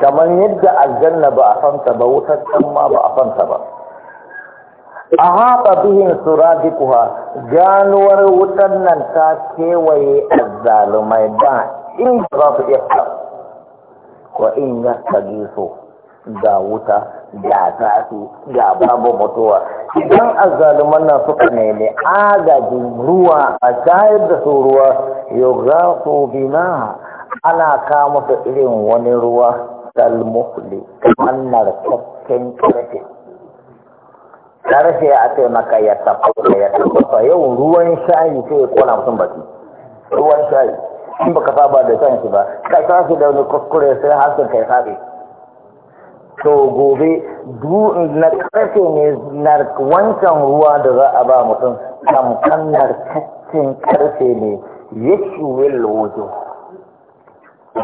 كمن يبدأ الجنة بأفنت بوتت كما بأفنت بأفنت a haɓa bihin suradikuwa ganuwar wutar nan ta kewaye azzalumai ba inda za su iya ko in ya so ga wuta ga tafi ga babu mutuwa idan zaluman nan suka nemi agajin ruwa a shayar da su ruwa su bina ana kama su irin wani ruwa kalmuhli kamar narkakken karfe Karfe a ce maka ya tafafa ya tafafa yau ruwan shayi sai ya kona mutum baki ruwan shayi in baka saba da shan shi ba ka tashi da wani kuskure sai hasin kai sabe to gobe na karfe ne na wancan ruwa da za a ba mutum tamkan narkaccen karfe ne ya ciwil wujo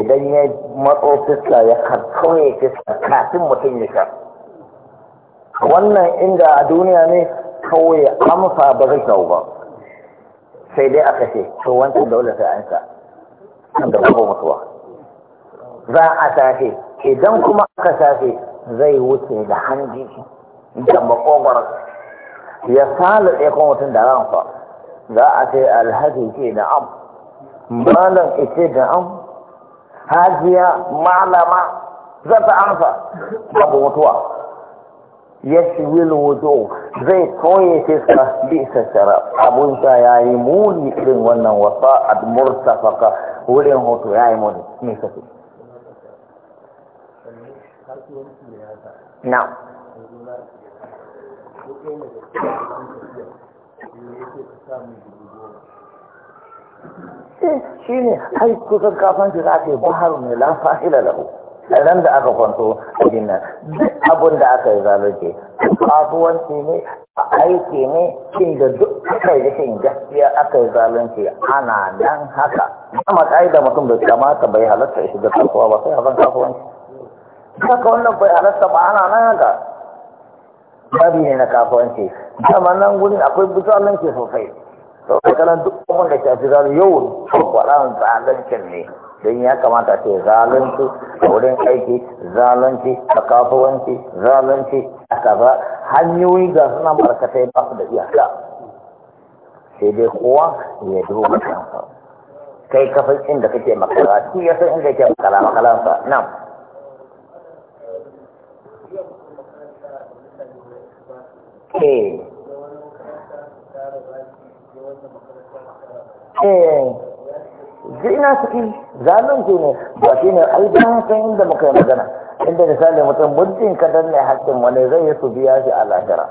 idan ya matso fiska ya karkawa kafin mutum ya sha wannan inda a duniya ne kawai amsa ba zai kawo ba sai dai aka ce to wancan dole sai an sa da babu mutuwa za a idan kuma aka safe, zai wuce da hanji da makogwar ya sala ya kuma mutum da ranfa za a ce alhaji ke da am malam ita da am hajiya malama za ta amsa babu mutuwa yashwi alwudu zai toye fiska bisa shara abun ya yayi muni irin wannan wasa ad murtafaka wurin hoto yayi muni me kace na eh, shi ne ai kusan kafin shi za ta yi bahar mai lafa ila lahu ran da aka kwanto a jinnan duk abin da aka yi zalunci kasuwanci ne aiki ne da duk aka yi rashin gaskiya aka yi zalunci ana nan haka dama da mutum bai kamata bai halatta da kasuwa ba sai hazan kasuwanci haka wannan bai halatta ba ana nan haka babi ne na kasuwanci kama nan guri akwai zalunci sosai sau da kanan duk abin da shafi zalunci yau kwaɗan zaluncin ne don ya kamata ce zalunci a wurin aiki zalunci a kafuwanci zalunci a kaza hanyoyi ga suna barkatai ba su da iyaka sai dai kowa ya duba kansa kai kafin inda kake makara shi ya san inda yake makara makaransa nan Eh. Eh. ina suke zalunci ne ba shi ne ai inda muka yi magana inda misali mutum muddin kadan ne haƙƙin wani zai yi su biya shi a lahira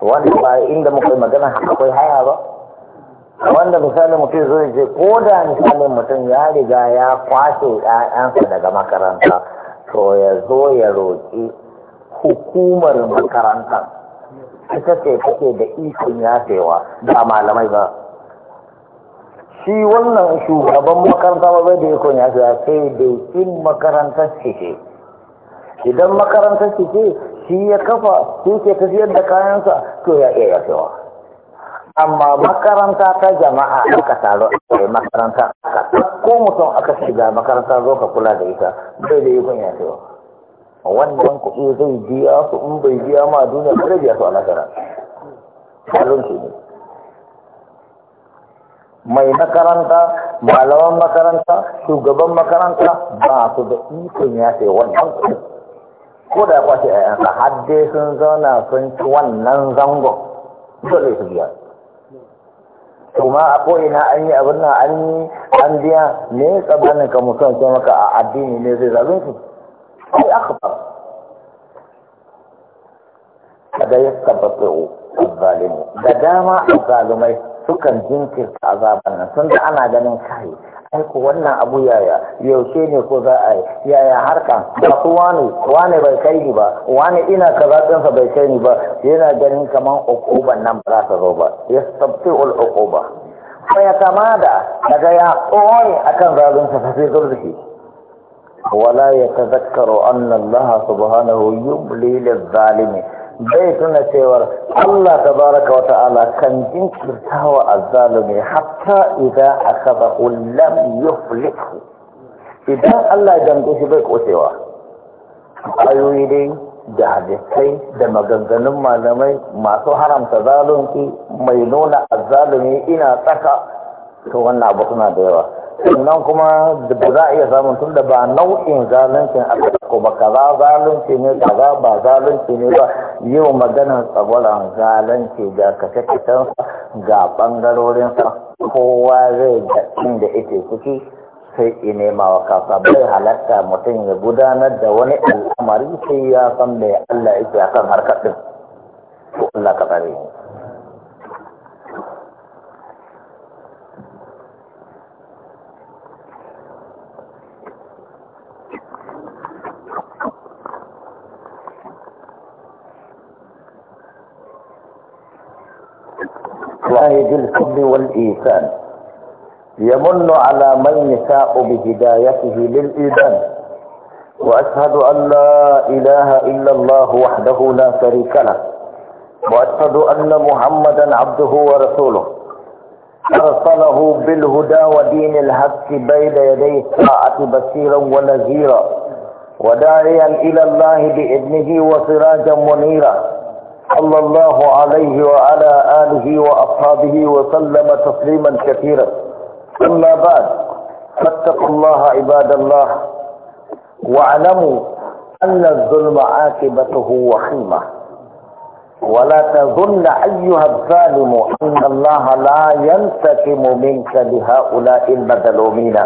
wanda ba inda muka yi magana akwai haya ba wanda misali mutum zai je ko da misali mutum ya riga ya kwashe ƴaƴansa daga makaranta to ya zo ya roƙi hukumar makarantar ita ce kake da ikon yafewa ba malamai ba shi wannan shugaban makaranta ba zai da ikon ya fi sai da in makarantar shi ce idan makaranta shi ce shi ya kafa shi ke tafiyar da kayansa to ya iya yafewa amma makaranta ta jama'a aka taro a makaranta aka ko mutum aka shiga makaranta zo ka kula da ita bai da ikon ya fiwa wannan kuɗi zai biya su in bai biya ma duniya bai biya su a nasara. ne. mai makaranta malaman makaranta shugaban makaranta ba su da ikon ya ce wannan ko da ya ce ƴaƴansa har Hadde, sun zauna sun ci wannan zangon dole su biya kuma a ko ina an yi abin nan an yi an biya ne tsabanin ka mutum ce maka a addini ne zai zaɓin su sai aka ba kada ya tabbata zalimu da dama azzalumai sukan jinkirta azaban nan sun da ana ganin kai aiko wannan abu yaya yaushe ne ko za a yi yaya harka ba ku wani wani bai kai ni ba wani ina kaza bai kai ni ba yana ganin kaman ukuban nan ba za ta zo ba ya sabti ul ukuba fa ya kama da daga ya ƙone akan zalunsa fa sai zulfi wala ya tazakkaru annallaha subhanahu yumli zalimi bai tuna cewar Allah baraka wa ta'ala kan jinkirta wa azzalumi hatta idza akhadahu lam yuflihu idan Allah ya dango shi bai kosewa ayoyi dai da hadisai da maganganun malamai masu haramta zalunci mai nuna azzalumi ina tsaka to wannan abu suna da yawa sannan kuma ba za a iya samun tun da ba nau'in zaluncin a ko ba kaza zalunci ne kaza ba zalunci ne ba yau maganar tsagwaron zalunci da kashe kashensa ga bangarorin kowa zai ga inda ita kuke sai i nema wa kasa bai halatta mutum ya gudanar da wani al'amari sai ya san mai Allah yake akan harkar din Allah ka tsare الله ذي الحب والإيثان يمن على من يشاء بهدايته للإيمان وأشهد أن لا إله إلا الله وحده لا شريك له وأشهد أن محمدا عبده ورسوله أرسله بالهدى ودين الحق بين يدي الساعة بشيرا ونذيرا وداعيا إلى الله بإذنه وسراجا منيرا صلى الله عليه وعلى آله وأصحابه وسلم تسليما كثيرا أما بعد فاتقوا الله عباد الله واعلموا أن الظلم عاقبته وخيمة ولا تظن أيها الظالم أن الله لا ينتقم منك لهؤلاء المظلومين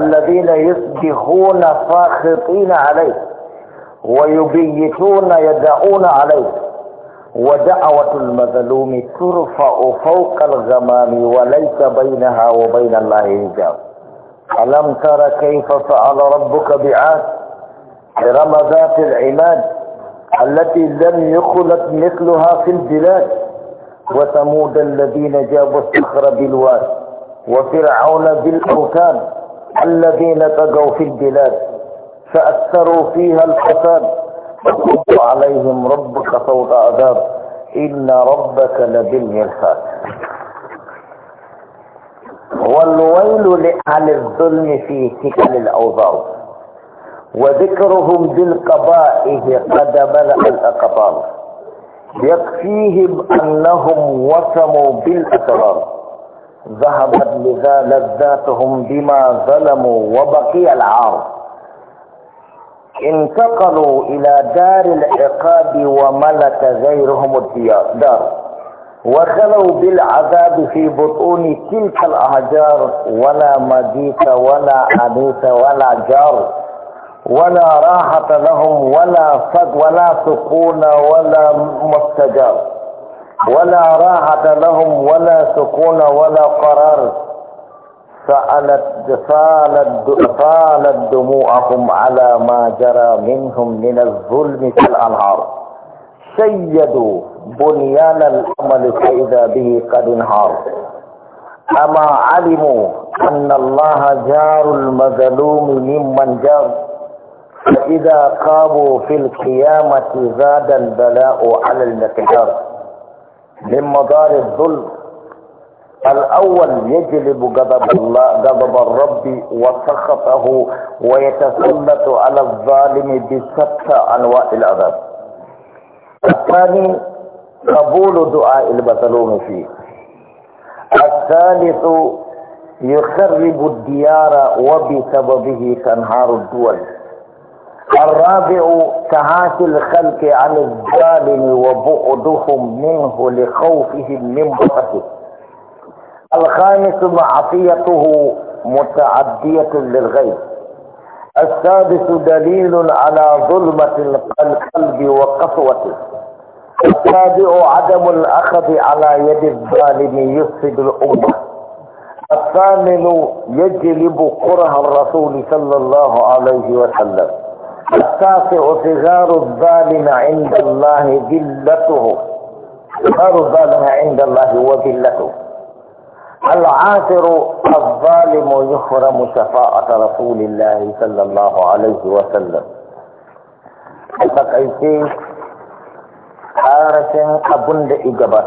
الذين يصبحون ساخطين عليه ويبيتون يدعون عليه ودعوة المظلوم ترفع فوق الغمام وليس بينها وبين الله حجاب ألم تر كيف فعل ربك بعاد إرم ذات العماد التي لم يخلق مثلها في البلاد وثمود الذين جابوا الصخر بالواد وفرعون بالأوتان الذين تقوا في البلاد فأكثروا فيها الفساد فقلت عليهم ربك فوق عذاب إن ربك لبالمرصاد والويل لأهل الظلم في تكل الأوضاع وذكرهم بالقبائه قد ملأ الأقبال يكفيهم أنهم وسموا بالأسرار ذهبت لذا لذاتهم بما ظلموا وبقي العار انتقلوا إلى دار العقاب وملك غيرهم الدار وخلوا بالعذاب في بطون تلك الأحجار ولا مديك ولا أنيس ولا جار ولا راحة لهم ولا فد ولا سكون ولا مستجار ولا راحة لهم ولا سكون ولا قرار سألت سالت سالت دموعهم على ما جرى منهم من الظلم كالأنهار شيدوا بنيان الأمل فإذا به قد انهار أما علموا أن الله جار المظلوم ممن جار فإذا قاموا في القيامة زاد البلاء على المقدار من مدار الظلم الأول يجلب غضب الله غضب الرب وسخطه ويتسلط على الظالم بشتى أنواع العذاب الثاني قبول دعاء المظلوم فيه الثالث يخرب الديار وبسببه تنهار الدول الرابع تهاتي الخلق عن الظالم وبعدهم منه لخوفهم من بعده الخامس معصيته متعدية للغيب السادس دليل على ظلمة القلب وقسوته السابع عدم الأخذ على يد الظالم يفسد الأمة الثامن يجلب كره الرسول صلى الله عليه وسلم التاسع صغار الظالم عند الله ذلته صغار الظالم عند الله وذلته العاثر الظالم يحرم شفاعة رسول الله صلى الله عليه وسلم فقيتي حارة أبند إجابة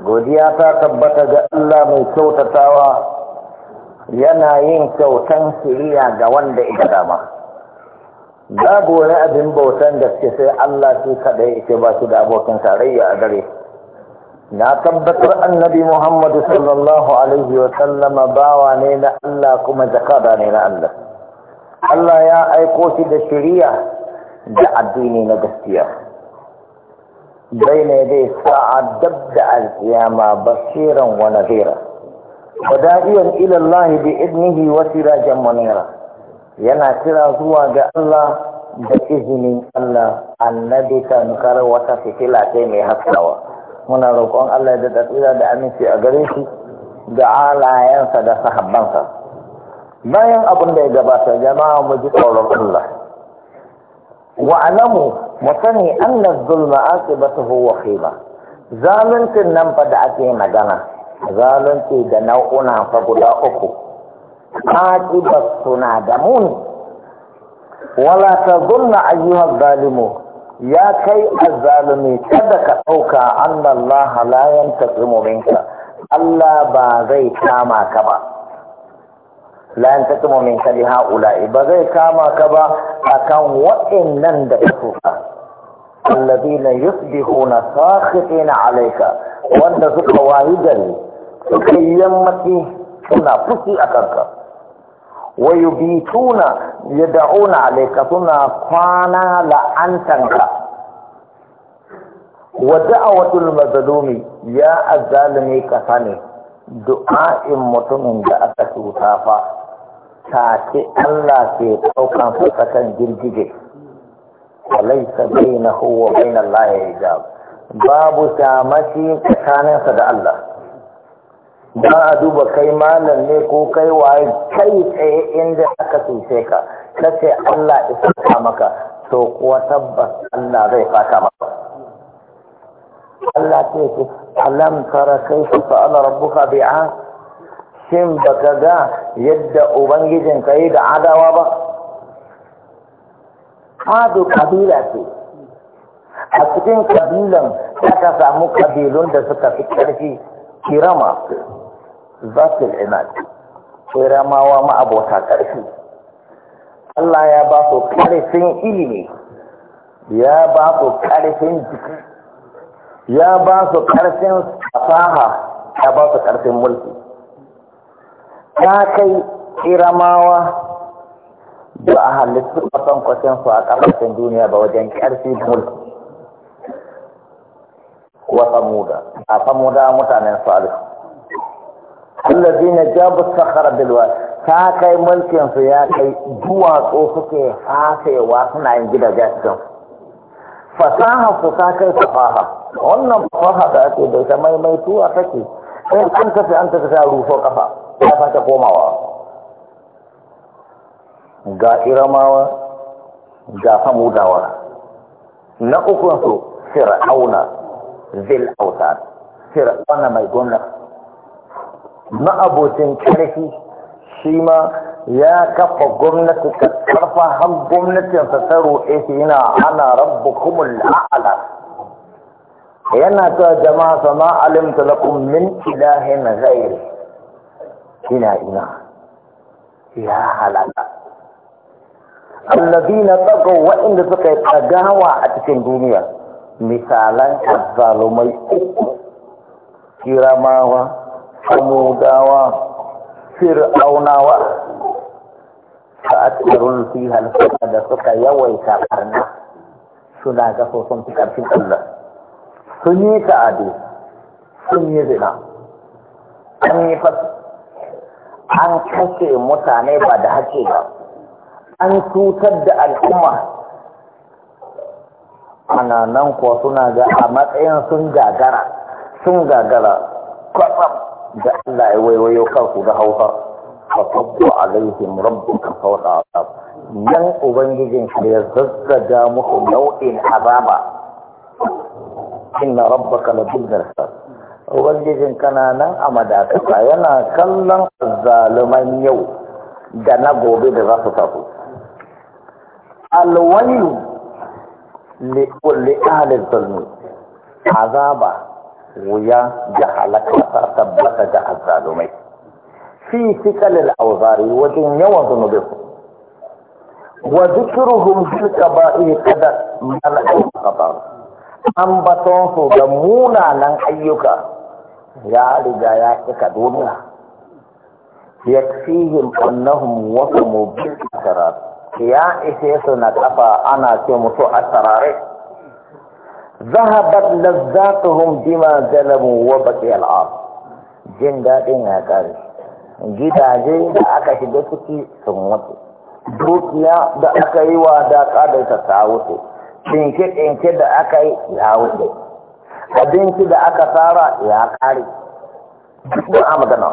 godiya ta tabbata ga Allah mai kyautatawa yana yin kyautan shiriya ga wanda ita dama babu wani abin bautan gaske sai Allah su kadai yake ba shi da abokin tarayya a gare na tabbatar annabi muhammadu sallallahu alaihi wasallama bawa ne na allah kuma jakada ne na allah allah ya aiko shi da shiriya da addini na gaskiya bai dai sa'a dab da alkiyama basiran wa nadira wada'iyan ilallahi bi idnihi wa sirajan munira yana kira zuwa ga allah da izinin allah annabi kan kar wata fitila mai haskawa muna roƙon Allah da tsira da aminci a gare shi da alayensa da sahabbansa bayan abin da ya gabata jama'a mu ji tsoron Allah wa alamu mu sani anna zulma aqibatuhu wa khima zaluncin nan fa da ake magana zalunci da nau'una fa guda uku aqibat suna da muni wala tazunna ayyuha zalimu ya kai azzalumi kada ka ɗauka annallaha la yantaqimu Allah ba zai kama ka ba la yantaqimu li haula'i ba zai kama ka ba akan waɗannan da ka tuka alladhina yusbihuna sakhitina alayka wanda suka wayi gari suka yammaci suna fushi a kanka. wa yubituna yad'una alayka suna kwana la'antanka wa da'watul mazlumi ya azzalimi kasane du'a'in mutumin da aka cuta fa take Allah ke daukan sa kan girgije walaysa bainahu wa bainallahi hijab babu tamaki tsakaninsa da Allah ba a duba kai malam ne ko kai waye kai tsaye inda aka cuce ka ce Allah ya saka maka to kuwa tabbas Allah zai fata maka Allah ce ce alam tara su fa'ala rabbuka bi'a shin baka ga yadda ubangijin ka yi da adawa ba ado kabila ce a cikin kabilan aka samu kabilun da suka fi ƙarfi kirama zafin inad sai ramawa ma'abota ƙarfi Allah ya ba su ƙarfin ilimi ya ba su ƙarfin jiki ya ba su ƙarfin fasaha ya ba su ƙarfin mulki ta kai iramawa da a halittu ƙasan kwacinsu a ƙasashen duniya ba wajen ƙarfi mulki wa samuda a samuda mutanen salihu na jabu sakara Bilwa. ta kai mulkin su ya kai duwatsu suke hasewa suna yin gida su fasaha su ta kai fasaha wannan fasaha da ake da ita maimaituwa take in an tafi an tafi sa rufo kafa ya fata komawa ga iramawa ga samudawa na ukunsu fir'auna zil autar fir'auna mai gwamnati ma'abocin karfi shi ma ya kafa gwamnati ka karfa har gwamnatinsa ta roƙe shi yana ana rabu kuma la'ala yana ta jama'a sama alimta lakum min na ghairi ina ina ya halaka allazina tagaw waɗanda suka yi tagawa a cikin duniya misalan azzalumai uku kiramawa samudawa fir'aunawa ta atirun fi halfata da suka yawaita karna suna ga so sun fi karfin Allah sun yi ta'adi sun yi zina an yi fasa an kashe mutane ba da hake ba an cutar da al'umma ana nan kuwa suna ga a matsayin sun gagara sun gagara kwatsam da Allah ya waiwayo kansu da hausa fa tabbu alaihim rabbuka fawqa azab yan ubangijin ka ya zazzaga muku nau'in azaba inna rabbaka labil mirsad ubangijin kana nan a madakata yana kallon zaluman yau da na gobe da za su tafi alwayu li kulli ahli zalmi azaba wuya da halaka ta tabbata ga azzalumai fi sikalil auzari wajen yawan zunubin wa zikruhum fil kaba'i kada mal kabar an baton su da munanan ayyuka ya riga ya cika duniya yakfihim annahum wasamu bil asrar ya ise su na kafa ana ce musu asrarai zahabat lazzatuhum bima jalabu wa baqi al jin dadin ya kare gidaje da aka shiga ciki sun mutu dukiya da aka yi wa da kada ta wuce tsinke tsinke da aka yi ya wuce abinci da aka tsara ya kare duk a magana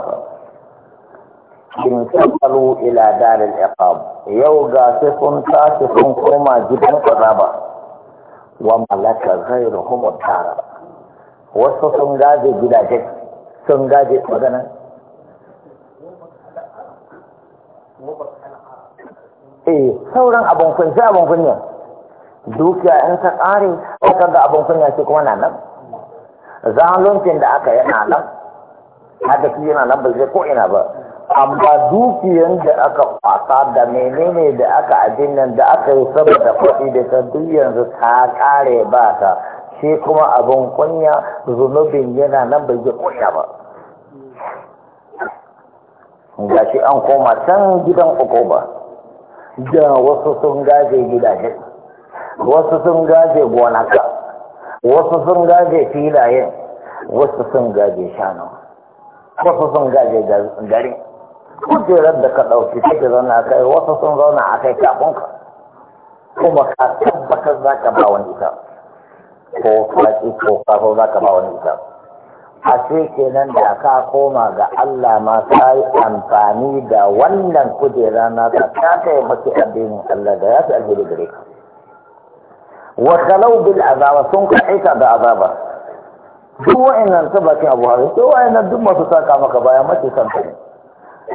in tsalu ila daril iqam yau ga sai sun tashi sun koma gidan ba wa malaka ghairu humu tara wasu sun gaje gidaje sun gaje magana eh sauran abin kunshi abin kunya dukiya in ta A aka ga abin kunya ce kuma na nan zaluncin da aka yana nan haka shi yana nan ba zai ko ina ba amma dukiyan da aka kwasa da menene da aka abin nan da aka yi saboda kuɗi da ta duk yanzu ta ƙare ba ta shi kuma abin kunya zunubin yana nan bai ji kusa ba ga shi an koma can gidan uku ba da wasu sun gaje gidaje wasu sun gaje gonaka wasu sun gaje filayen wasu sun gaje shanu wasu sun gaje gari. kujerar da ka ɗauki take zauna a kai wasu sun zauna a kai kafin ka kuma ka tabbatar za ka ba wani ita ko faɗi ko kafin za ka ba wani ita a ce kenan da ka koma ga Allah ma ka yi amfani da wannan kujera na ka ta taimaki addinin Allah da ya fi alheri gare ka wa kalau bil azaba sun kai ka da azaba duk wa'annan sabakin abu hari duk wa'annan duk masu saka maka baya mace san kai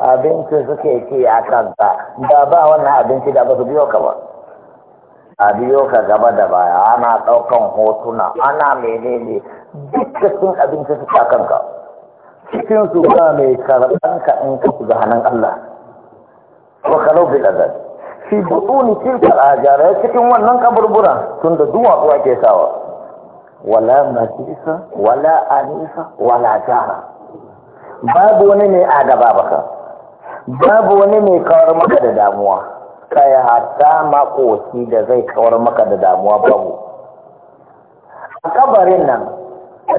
Abinci suke ke a kanta da ba wannan abinci da ba su biyo ka ba a biyo ka gaba da baya ana ɗaukan hotuna ana menene sun abinci suke a kanka cikin su ba mai karɓan ka in ka shiga hannun Allah wa kalau bil azab fi butuni tilkal ajara cikin wannan kaburbura tunda duwatsu ake sawa wala majisa wala anisa wala jara babu wani ne a gaba baka babu wani mai kawar maka da damuwa kai hatta makoci da zai kawar maka da damuwa babu a kabarin nan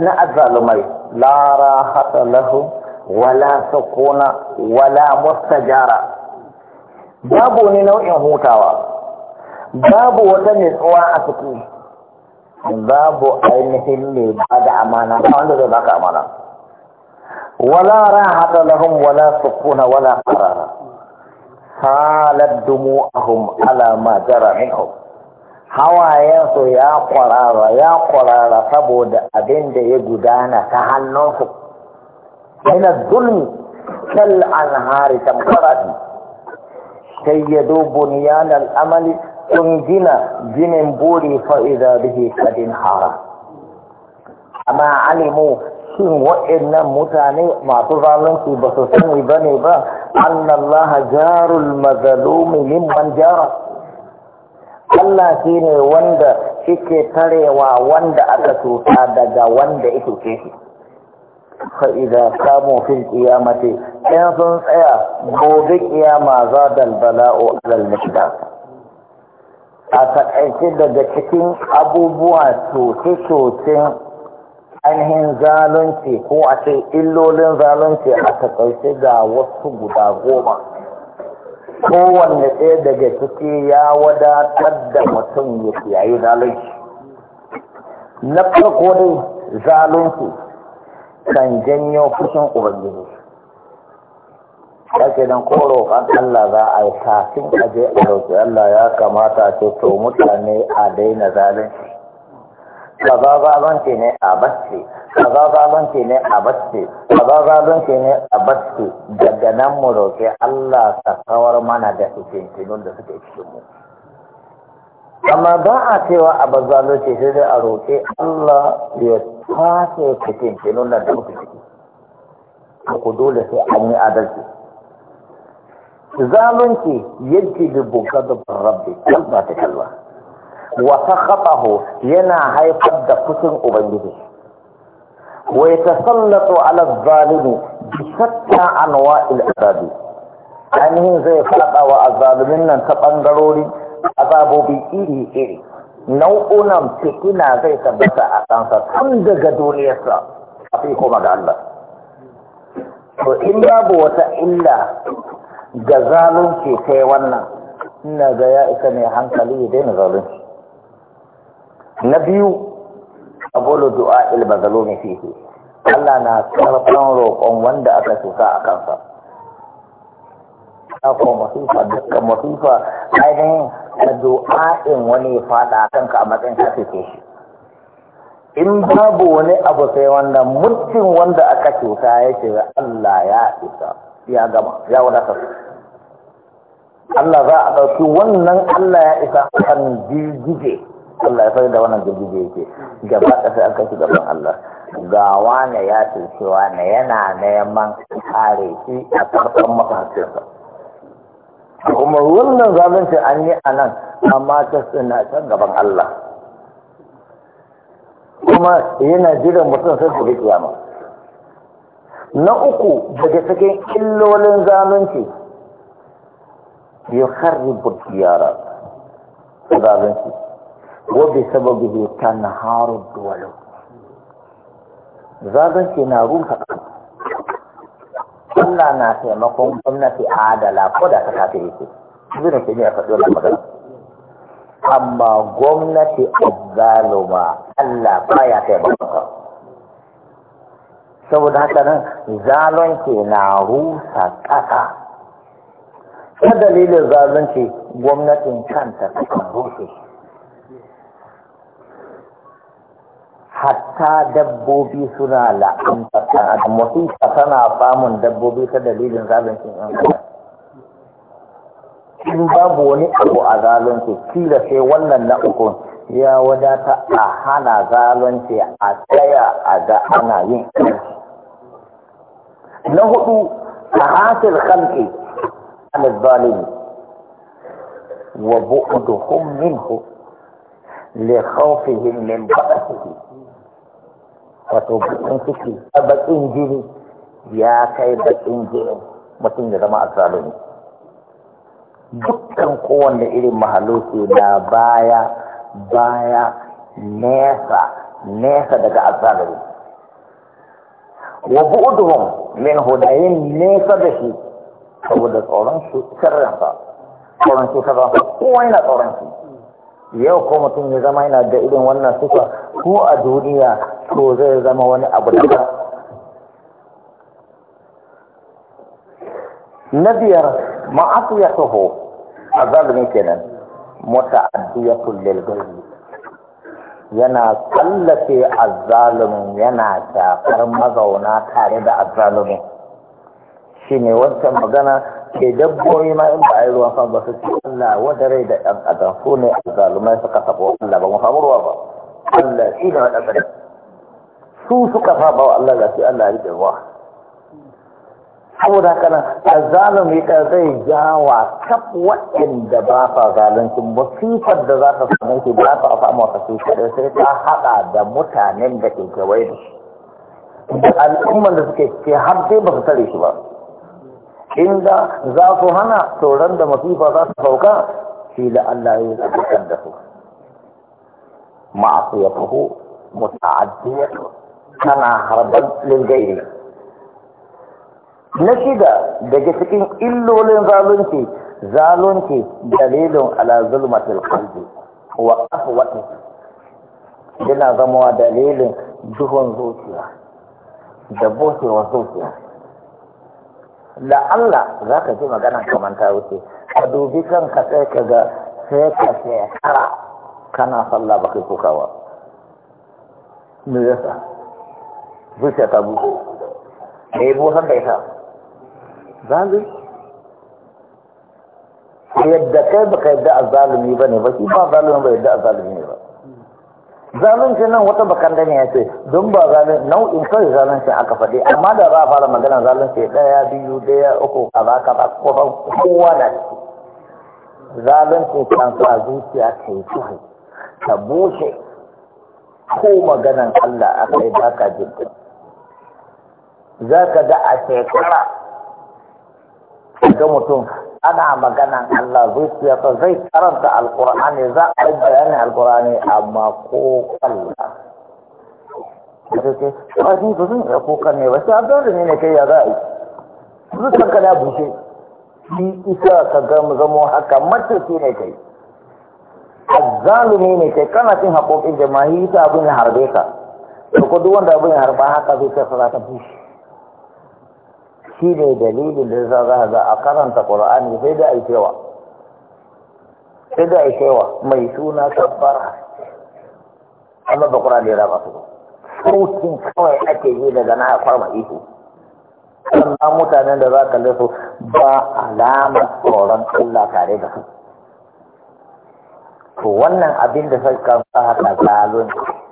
na azalumai, lara hata lahu wala sakona wala mustajara babu wani nau'in hutawa babu wata tsawa a ciki babu ainihin mai ba da amana ba wanda zai baka amana ولا راحة لهم ولا سكون ولا قرار سالت دموعهم على ما جرى منهم حوايانسو يا قرارا يا قرارا سبود أبند يجدانا تهنوكم من الظلم كالأنهار تمقرد سيدوا بنيان الأمل تنجنا جن فإذا به قد انهار أما علموا shin wa'annan mutane masu zalunci ba su sani ba ne ba annallaha jarul mazalumi mimman jara Allah shi ne wanda shike tarewa wanda aka cuta daga wanda ya cuce shi fa'ida samun fil kiyamati in sun tsaya gobe kiyama za dalbala'o alal mashidata a taƙaice daga cikin abubuwa coce-cocen ainihin zalunci ko a ce illolin zalunci a takaice ga wasu guda goma kowanne ɗaya daga ciki ya wadatar da mutum ya kiyaye zalunci na farko dai zalunci kan janyo fushin ubangiji ke nan ko roƙon Allah za a yi kafin a je a roƙi Allah ya kamata ce to mutane a daina zalunci kaza zalunci ne a bacci kaza ne a bacci kaza ne a bacci daga nan mu roƙe, Allah ka kawar mana da fitintinun da suke cikin mu amma ba a cewa a ce sai dai a roƙe, Allah ya kwace fitintinun da muke ciki ku dole sai an yi adalci zalunci yadda da bukatu rabbi kalma ta kalma wa sakhatahu yana haifar da fushin ubangiji wa yatasallatu ala zalimi bi shatta anwa'il azabi ainihin zai fada wa azalimin nan ta bangarori azabobi iri iri nau'unan fitina zai tabbata a kansa tun daga duniyarsa a fi kuma ga Allah to in babu wata illa ga zalunci sai wannan ina ga ya isa ne hankali ya daina zalunci na biyu a bolo du'a il ne fihi Allah na karfan roƙon wanda aka cuta a kansa ko masifa duka masifa ainihin da du'a'in wani fada ka a matsayin ka shi in babu wani abu sai wanda mutum wanda aka cuta ya ce Allah ya isa ya gama ya wadatar Allah za a ɗauki wannan Allah ya isa kan jirgije Allah ya fari da wannan girgije yake gaba da sai aka kashi gaban Allah ga wani ya ce wane yana neman kare shi a farkon makarantarsa kuma wannan zalunci an yi a nan amma ta suna can gaban Allah kuma yana jiran mutum sai gobe kiyama na uku daga cikin illolin zalunci yukharribu yara zalunci وبسببه تنهار الدول zagan ce na ruka Allah na taimakon gwamnati a adala ko da ta kafiri ce zai ke ne a faɗi wannan magana amma gwamnati a azzaluma Allah ya taimakon ka saboda haka nan zalunci na rusa ƙasa ta dalilin zalunci gwamnatin kanta ta kan rushe hatta dabbobi suna la'anta ɗan adam wasiƙa tana samun dabbobi ta dalilin zalunci in babu wani abu a zalunci kila sai wannan na uku ya wadata a hana zalunci a tsaya a ga ana yin na hudu a hasir kalki al-zalimi wa bu'uduhum minhu li khawfihim min ba'dihi wato bakin ciki a bakin jini ya kai bakin jini mutum ya zama azzalumi dukkan kowanne irin mahaluki na baya baya nesa nesa daga azzalumi wa bu'uduhum min hudayin nesa da shi saboda tsoron shi sirrinsa tsoron shi kowa yana tsoron shi yau ko mutum ya zama yana da irin wannan suka ko a duniya ko zai zama wani abu da na biyar ma'asu ya taho a ne kenan muta'addiyatul kullum gari. yana a azzalumin yana shafar mazauna tare da shi ne wancan magana ke dabbobi ma in ba a yi ruwan sama ba su ce Allah wata rai da ɗan adam su ne a zalumai suka sabo Allah ba mu samu ruwa ba Allah shi ne wata rai su suka saba wa Allah da shi Allah ya ruwa saboda haka nan a zalumi ka zai wa kaf waɗanda ba sa zaluncin musifar da za ta samu shi ba ta samu wata su kaɗai sai ta haɗa da mutanen da ke kewaye da shi da al'ummar da suke ke har sai ba su tare shi ba inda za su hana tsoron da masifa za su sauka shi da Allah ya yi da su Masu ya faho muta'addiyatu tana harban lingayi na shida daga cikin illolin zalunci zalunci dalilin ala zulmatil qalbi wa qahwati yana zama dalilin duhun zuciya da boshewar zuciya Da Allah za ka ji magana kamar ta wuce ka dubi kanka sai ka ga sai ka shekara kana sallah ba kai kokawa me yasa zuciya ta buɗe me ya busar da ita zalim yadda kai baka yadda a zalimi ba ne ba shi ba zalimi ba yadda a zalimi ne zalunci nan wata bakanda ne ya ce don ba zalun nau'in kawai zalunci aka faɗi amma da za a fara magana zalunci ɗaya biyu ɗaya uku a ba ba kowa kowa da ciki zalunci kan sa zuciya ta yi tuhu ta bushe ko maganan Allah aka yi baka jin jirgin za ka ga a shekara ga mutum ana maganan Allah ta zai karanta alkur'ani za a yi bayanin alkur'ani amma ko kalla ba ni ba zan iya kukan ne ba sai abdar ne ne kai ya za a yi zuciyar ka da bushe ni isa ka gama zamo haka mace ce ne kai azzalumi ne kai kana cin haƙoƙin jama'a, yi ta abin ya harbe ka da duk wanda abin ya harba haka zai sai sa ta bushe shi ne dalilin da yasa za ga a karanta qur'ani sai da aikewa sai da aikewa mai suna tabbara amma ba qur'ani ya raba su sautin kawai ake yi daga na farma iko sannan mutanen da za ka su ba alamar tsoron Allah tare da su to wannan abin da suka fara zalunci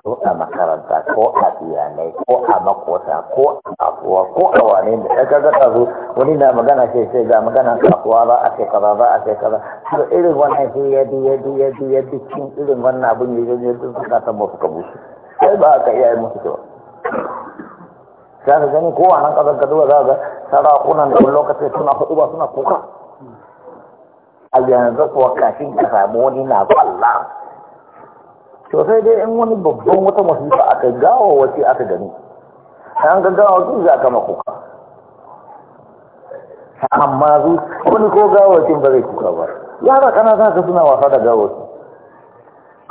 ko a makaranta ko a iyalai ko a makota ko a kasuwa ko a wane ne sai wani na magana ce sai ga magana kasuwa ba a ce kaza ba a ce kaza to irin wannan shi ya bi ya bi ya bi ya bi cin irin wannan abin ya zai duk suka san ba suka bushe sai ba ka iya musu to sai gani ko a nan kasar kaduwa za ga sarakunan da lokaci suna hudu suna kuka a yanzu kuwa kashin ka samu wani na kwallon to sai dai in wani babban wata masifa aka gawa wace aka gani an ga gawa wace za ka makuka amma zu wani ko gawa wace ba zai kuka ba yara kana za ka suna wasa da gawa wace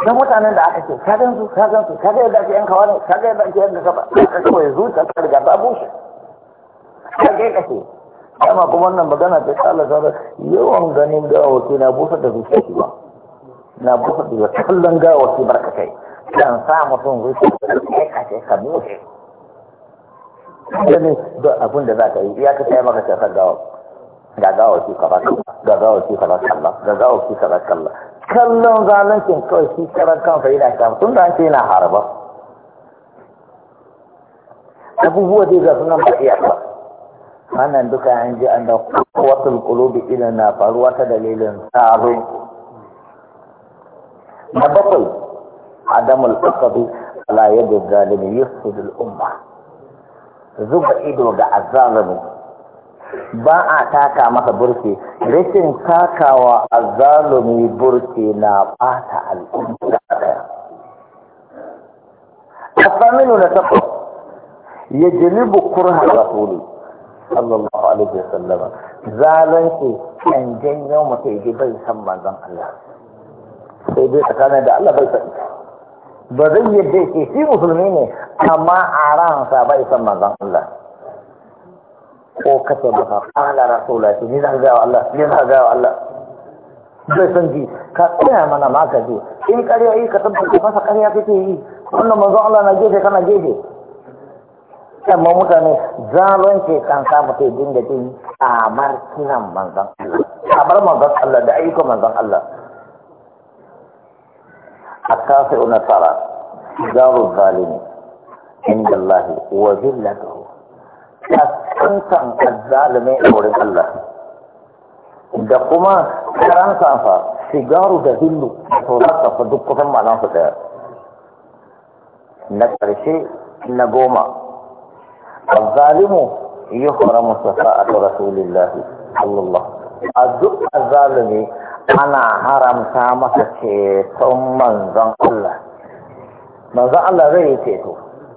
dan mutanen da aka ce ka gan su ka gan su ka ga yadda ake yanka wani ka ga yadda ake yanka ka kawai zuciya ta riga ta bushe ka ga kace amma kuma wannan magana ta Allah ta yawan ganin gawa wace na busar da zuciya ba na buɗe wa kullum ga wasu barkatai kan sa mutum zuci kai kashe ka nufe ne da abin da za ka yi ya ka sai maka ta gawa ga gawa shi ka baka ga gawa shi ka baka Allah ga gawa shi ka baka Allah kallon zalincin kawai shi karan kansa yana ka tun da an ce yana harba abubuwa dai ga sunan ba iya ba wannan duka an ji an da kuwatul qulubi ila na faruwa ta dalilin tsaro na bakwai adamul akadu ala yadda zalimi Yusuf, al'umma zuba ido ga azalimi ba a taka masa burke. rikin takawa azalimi burke na bata al'umma daya asaminu na takwas ya jilibu kurha rasuli sallallahu alaihi wasallam zalunci kan janyo mutum bai san manzon Allah sai dai tsakanin da Allah bai san. ba zai yadda ke shi musulmi ne amma a ransa bai san manzon Allah ko kace ba qala rasulullahi ni zan ga Allah ni zan ga Allah zai san ji ka tsaya mana ma ka ji in ƙarya yi ka tabbata masa ƙarya kake yi wannan manzon Allah na gefe kana gefe amma mutane zalunce kan samu mutum dinga jin kamar kiran manzon Allah kamar manzon Allah da ayyukan manzon Allah التاسع نصرى دار الظالمين عند الله وذلته تسكنتن الظالم أورد الله da kuma karan safa sigaru da hillu da tsoron fa duk kusan malan su الظالم يحرم صفاءة رسول الله صلى الله عليه وسلم الظالم ana haramta masa ceton manzon Allah manzon Allah zai yi ceto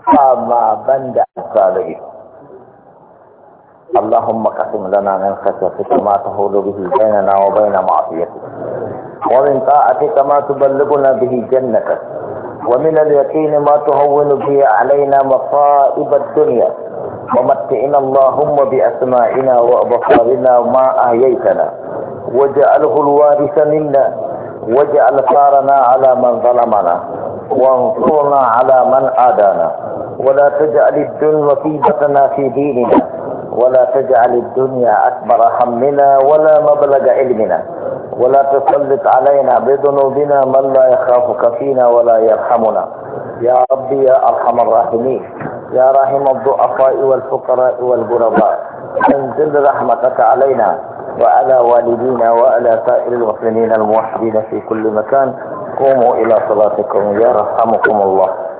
amma ban da zalimi اللهم قسم لنا من خشيتك ما تحول به بيننا وبين معصيتك ومن طاعتك ما تبلغنا به جنتك ومن اليقين ما تهون به علينا مصائب الدنيا ومتعنا اللهم باسمائنا وأبصارنا ما أهيتنا واجعله الوارث منا واجعل ثارنا على من ظلمنا وانصرنا على من عادانا ولا تجعل الدنيا مصيبتنا في ديننا ولا تجعل الدنيا أكبر همنا ولا مبلغ علمنا ولا تسلط علينا بذنوبنا من لا يخافك فينا ولا يرحمنا يا ربي يا أرحم الراحمين يا راحم الضعفاء والفقراء والغرباء انزل رحمتك علينا وعلى والدينا وعلى سائر المسلمين الموحدين في كل مكان قوموا إلى صلاتكم يرحمكم الله